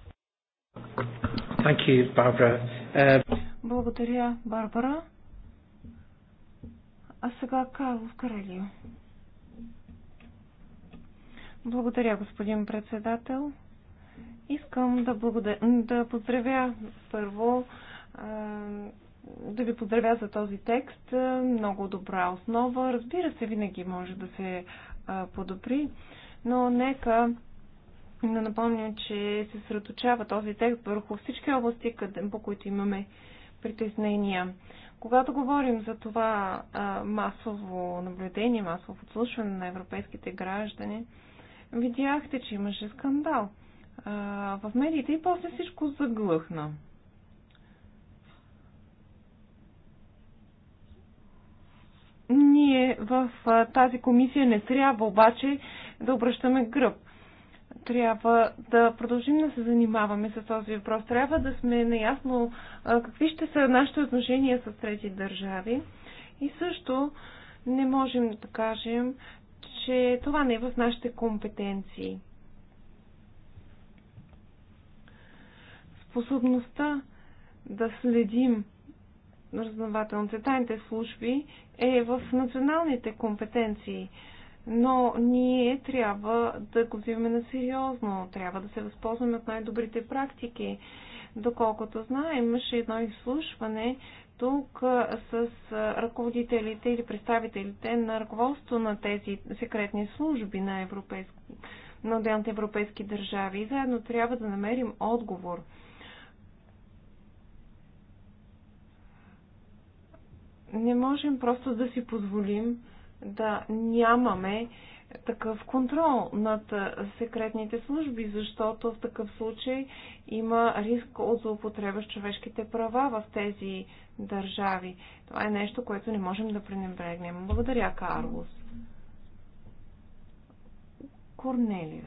Thank you, Barbara. Uh... Благодаря, Барбара. А сега Карлов Карелио. Благодаря, господин председател. Искам да, благодаря, да поздравя първо, да ви поздравя за този текст. Много добра основа. Разбира се, винаги може да се подобри, но нека да напомня, че се съсредоточава този текст върху всички области, по които имаме притеснения. Когато говорим за това а, масово наблюдение, масово подслушване на европейските граждани, видяхте, че имаше скандал а, в медиите и после всичко заглъхна. Ние в а, тази комисия не трябва обаче да обръщаме гръб трябва да продължим да се занимаваме с този въпрос. Трябва да сме наясно какви ще са нашите отношения с трети държави. И също не можем да кажем, че това не е в нашите компетенции. Способността да следим разнователните тайните служби е в националните компетенции – но ние трябва да го взимаме на сериозно, трябва да се възползваме от най-добрите практики. Доколкото знаем, имаше едно изслушване тук с ръководителите или представителите на ръководство на тези секретни служби на, европейск... на отделните европейски държави и заедно трябва да намерим отговор. Не можем просто да си позволим да нямаме такъв контрол над секретните служби, защото в такъв случай има риск от злоупотреба с човешките права в тези държави. Това е нещо, което не можем да пренебрегнем. Благодаря, Карлос. Корнелия.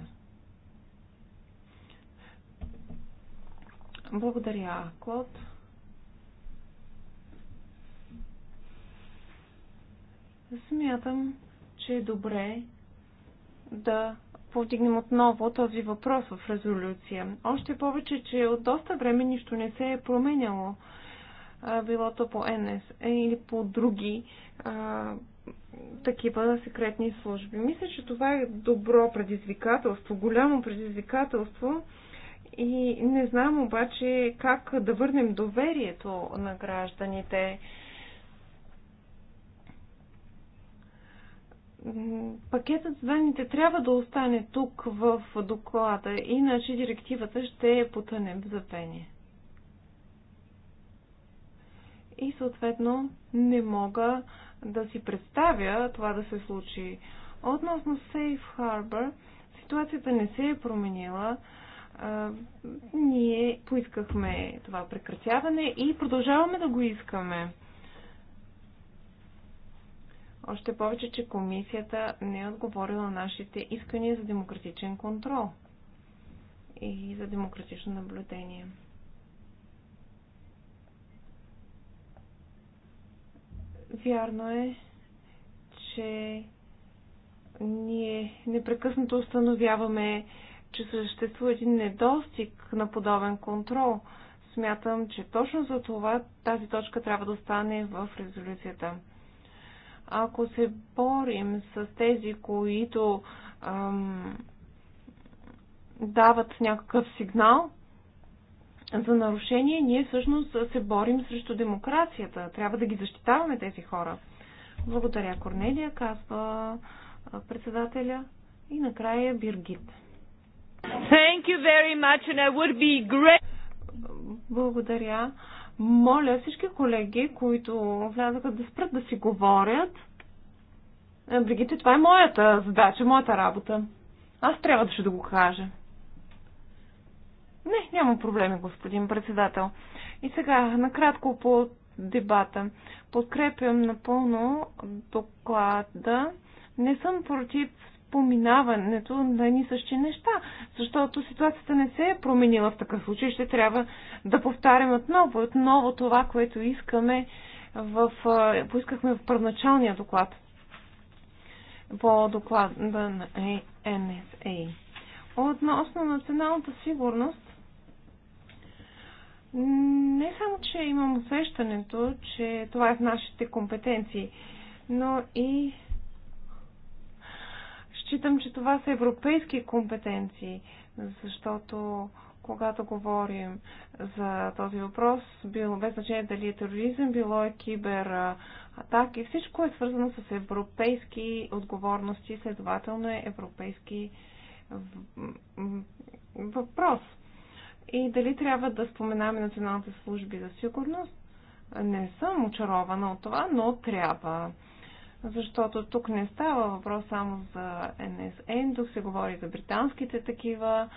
Благодаря, Клод. Смятам, че е добре да повдигнем отново този въпрос в резолюция. Още повече, че от доста време нищо не се е променяло. Било то по НС или по други а, такива секретни служби. Мисля, че това е добро предизвикателство, голямо предизвикателство и не знам обаче как да върнем доверието на гражданите. пакетът с данните трябва да остане тук в доклада, иначе директивата ще потъне в запение. И съответно не мога да си представя това да се случи. Относно Safe Harbor, ситуацията не се е променила. А, ние поискахме това прекратяване и продължаваме да го искаме. Още повече, че комисията не е отговорила на нашите искания за демократичен контрол и за демократично наблюдение. Вярно е, че ние непрекъснато установяваме, че съществува един недостиг на подобен контрол. Смятам, че точно за това тази точка трябва да остане в резолюцията. Ако се борим с тези, които ам, дават някакъв сигнал за нарушение, ние всъщност се борим срещу демокрацията. Трябва да ги защитаваме тези хора. Благодаря, Корнелия, казва председателя. И накрая Биргит. Thank you very much and I would be great. Благодаря. Моля всички колеги, които влязаха да спрат да си говорят. Е, Бригите, това е моята задача, моята работа. Аз трябва да ще да го кажа. Не, няма проблеми, господин председател. И сега, накратко по дебата. Подкрепям напълно доклада. Не съм против споminаването на едни същи неща, защото ситуацията не се е променила в такъв случай. Ще трябва да повтарям отново, отново това, което искаме в, поискахме в първоначалния доклад по доклада на NSA. Е Относно националната сигурност, не само, че имам усещането, че това е в нашите компетенции, но и Считам, че това са европейски компетенции, защото когато говорим за този въпрос, било без значение дали е тероризъм, било е кибер атаки, всичко е свързано с европейски отговорности, следователно е европейски въпрос. И дали трябва да споменаме националните служби за сигурност? Не съм очарована от това, но трябва защото тук не става въпрос само за NSN, тук се говори за британските такива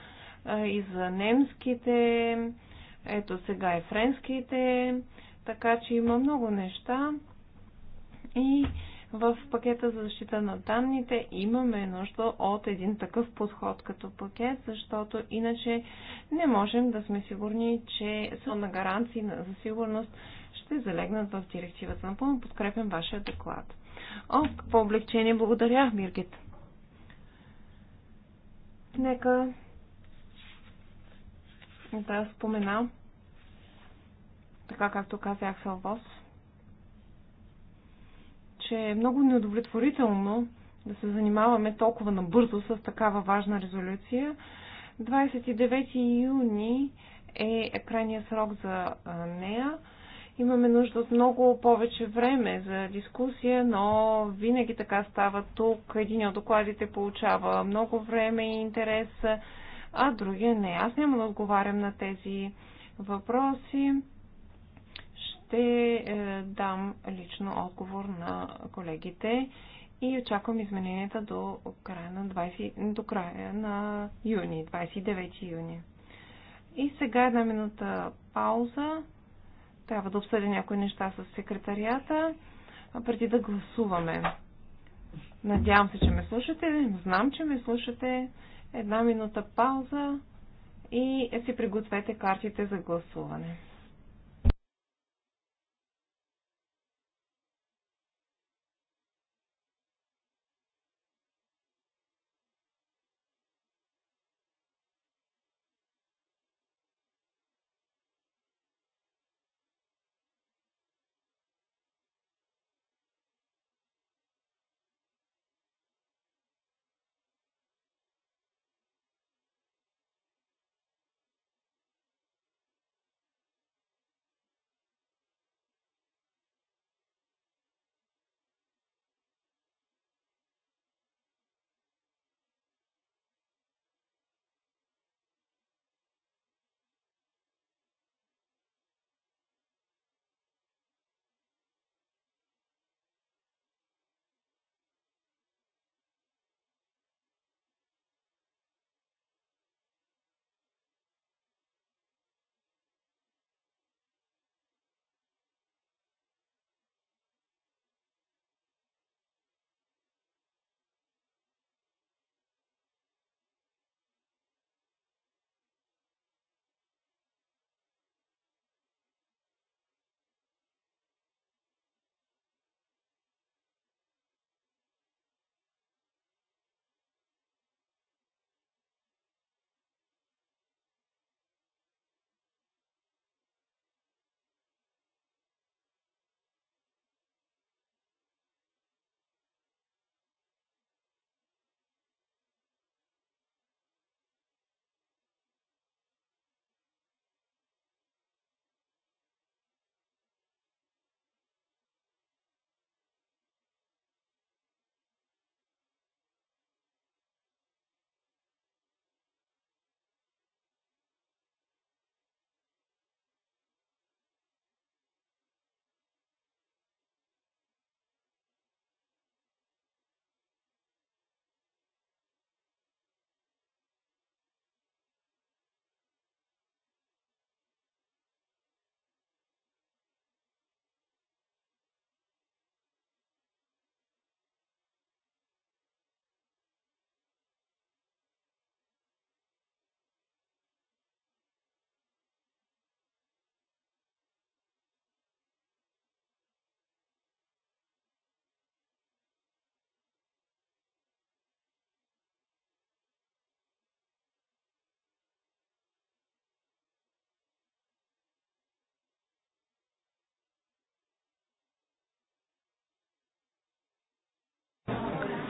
и за немските, ето сега и френските, така че има много неща. И в пакета за защита на данните имаме нужда от един такъв подход като пакет, защото иначе не можем да сме сигурни, че са на гаранции за сигурност ще залегнат в директивата. Напълно подкрепям вашия доклад. О, какво облегчение. Благодаря, Миргит. Нека да спомена, така както каза Аксел че е много неудовлетворително да се занимаваме толкова набързо с такава важна резолюция. 29 юни е крайният срок за нея. Имаме нужда от много повече време за дискусия, но винаги така става тук. Един от докладите получава много време и интерес, а другия не. Аз няма да отговарям на тези въпроси. Ще е, дам лично отговор на колегите и очаквам измененията до края на, 20, до края на юни, 29 юни. И сега една минута пауза. Трябва да обсъдя някои неща с секретарията, преди да гласуваме. Надявам се, че ме слушате. Знам, че ме слушате. Една минута пауза и си пригответе картите за гласуване.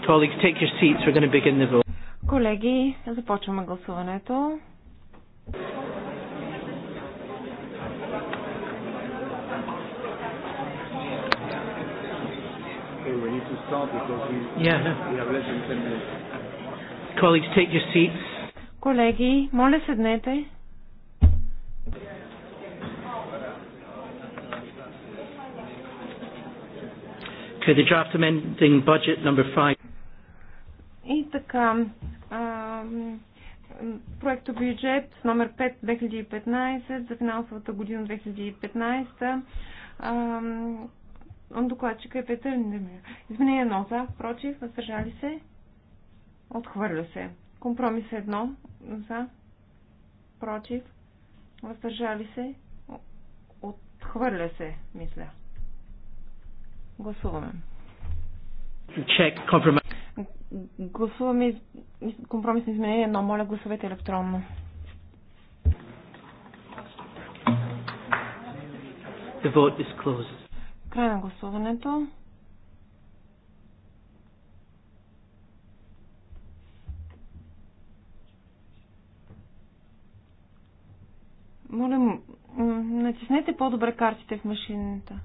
Colleagues, take your seats. We're going to begin the vote. Колеги, започваме гласуването. Colleagues, take your seats. Колеги, моля седнете. Okay, the draft amending budget number five така, проекто бюджет номер 5 2015 за финансовата година 2015. Он докладчика е Петър Немир. Изменение едно за, против, въздържали се, отхвърля се. Компромис 1 за, против, въздържали се, отхвърля се, мисля. Гласуваме. Check Гласуваме компромисни изменения, но Моля, гласувайте електронно. The vote is closed. Край на гласуването. Моля, натиснете по-добре картите в машината.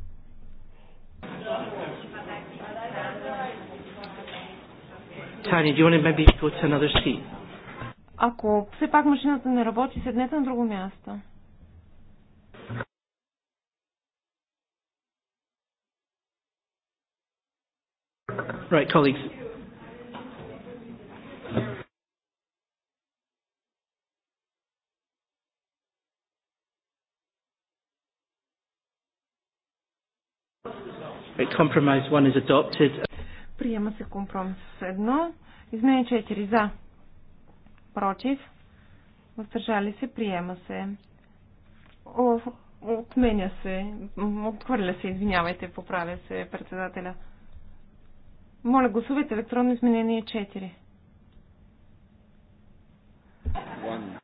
Tanya, do you want to maybe go to another seat? Ако все пак машината не работи, седнете на друго място. Right, colleagues. Compromise one is adopted. Приема се компромис с едно. Измене 4 за. Против. Въздържали се. Приема се. О, отменя се. Отхвърля се. Извинявайте. Поправя се председателя. Моля, гласувайте електронно изменение 4. One.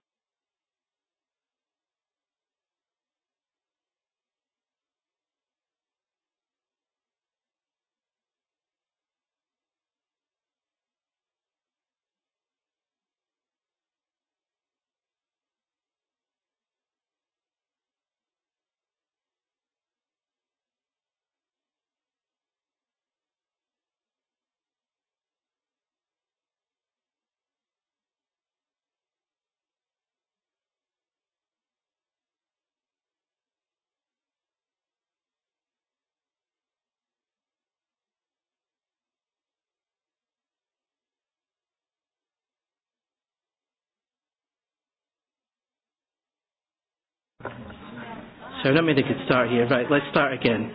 So let me get start here. Right, let's start again.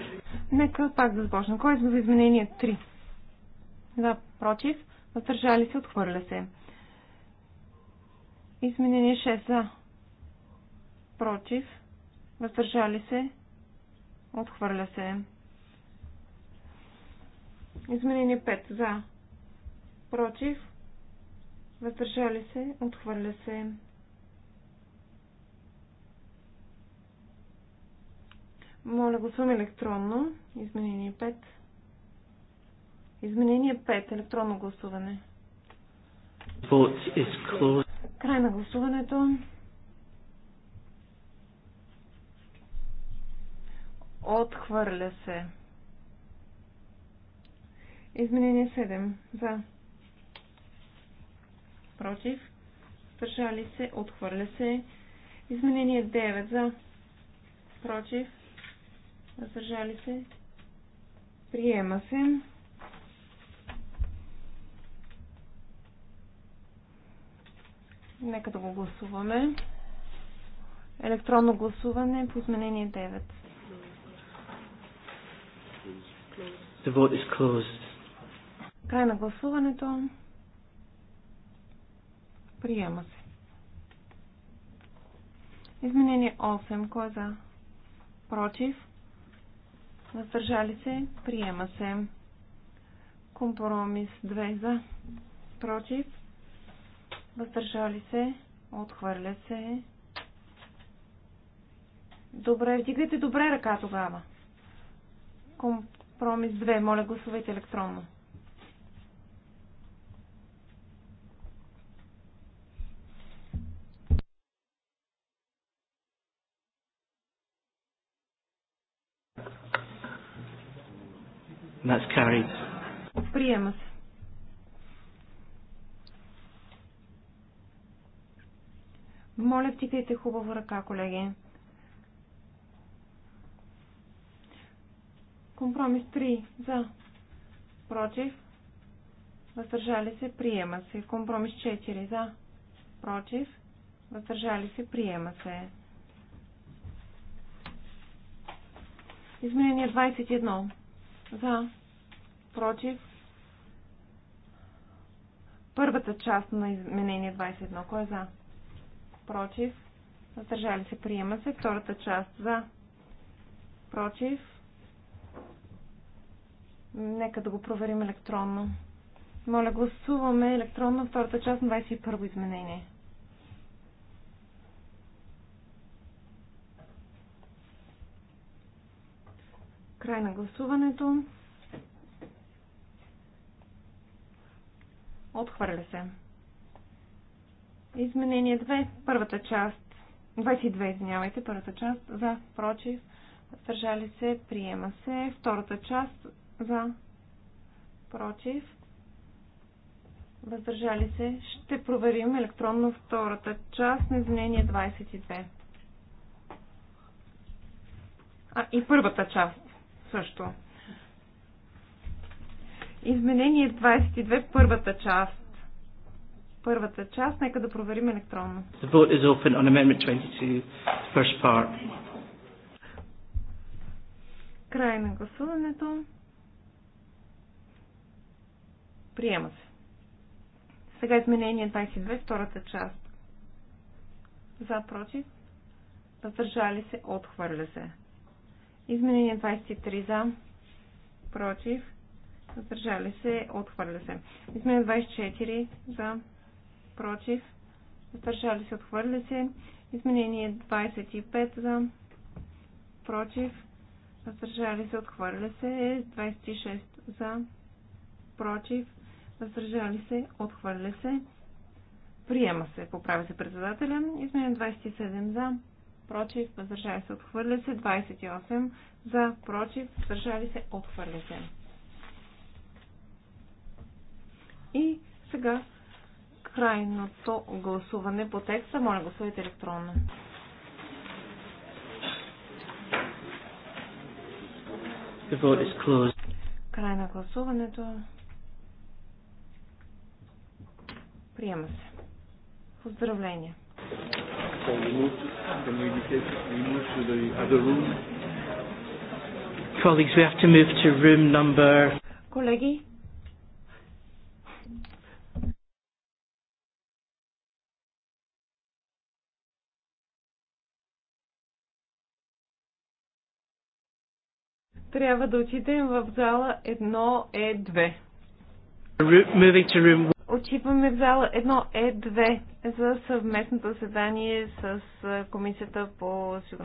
Нека пак да започна. Кой е за изменение 3? За, против, въздържали се, отхвърля се. Изменение 6 за, против, въздържали се, отхвърля се. Изменение 5 за, против, въздържали се, отхвърля се. Моля, гласуваме електронно. Изменение 5. Изменение 5. Електронно гласуване. Край на гласуването. Отхвърля се. Изменение 7. За. Против. Държали се. Отхвърля се. Изменение 9. За. Против Въздържали се. Приема се. Нека да го гласуваме. Електронно гласуване по изменение 9. The vote is closed. Край на гласуването. Приема се. Изменение 8. Кой е за? Против? Въздържали се. Приема се. Компромис 2 за. Против. Въздържали се. Отхвърля се. Добре, вдигайте добре ръка тогава. Компромис 2. Моля, гласувайте електронно. That's carried. Приема се. Моля, втикайте хубаво ръка, колеги. Компромис 3. За. Против. Въздържали се. Приема се. Компромис 4. За. Против. Въздържали се. Приема се. Изменение 21. За. Против. Първата част на изменение 21. Кой е за? Против. Въздържали се. Приема се. Втората част. За. Против. Нека да го проверим електронно. Моля, гласуваме електронно втората част на 21 изменение. Край на гласуването. Отхвърля се. Изменение 2, първата част. 22, извинявайте, първата част. За, против, въздържали се, приема се. Втората част. За, против, въздържали се. Ще проверим електронно втората част на изменение 22. А, и първата част също. Изменение 22, първата част. Първата част, нека да проверим електронно. The vote is open on amendment 22, first part. Край на гласуването. Приема се. Сега изменение 22, втората част. За, против. Въздържали се, отхвърля се. Изменение 23 за, против, въздържали се, отхвърля се. Изменение 24 за, против, въздържали се, отхвърля се. Изменение 25 за, против, въздържали се, отхвърля се. 26 за, против, въздържали се, отхвърля се. Приема се, поправя се председателя. Изменение 27 за, против, въздържали се, отхвърля се. 28 за, против, въздържали се, отхвърля се. И сега крайното гласуване по текста. Моля, гласувайте електронно. The vote is closed. Край на гласуването. Приема се. Поздравления. So we move to, can we, take, we move to the other room? Colleagues, we have to move to room number... Colleagues? трябва да отидем в зала 1 е 2. Очипваме в зала 1Е2 е за съвместното заседание с Комисията по сигурност.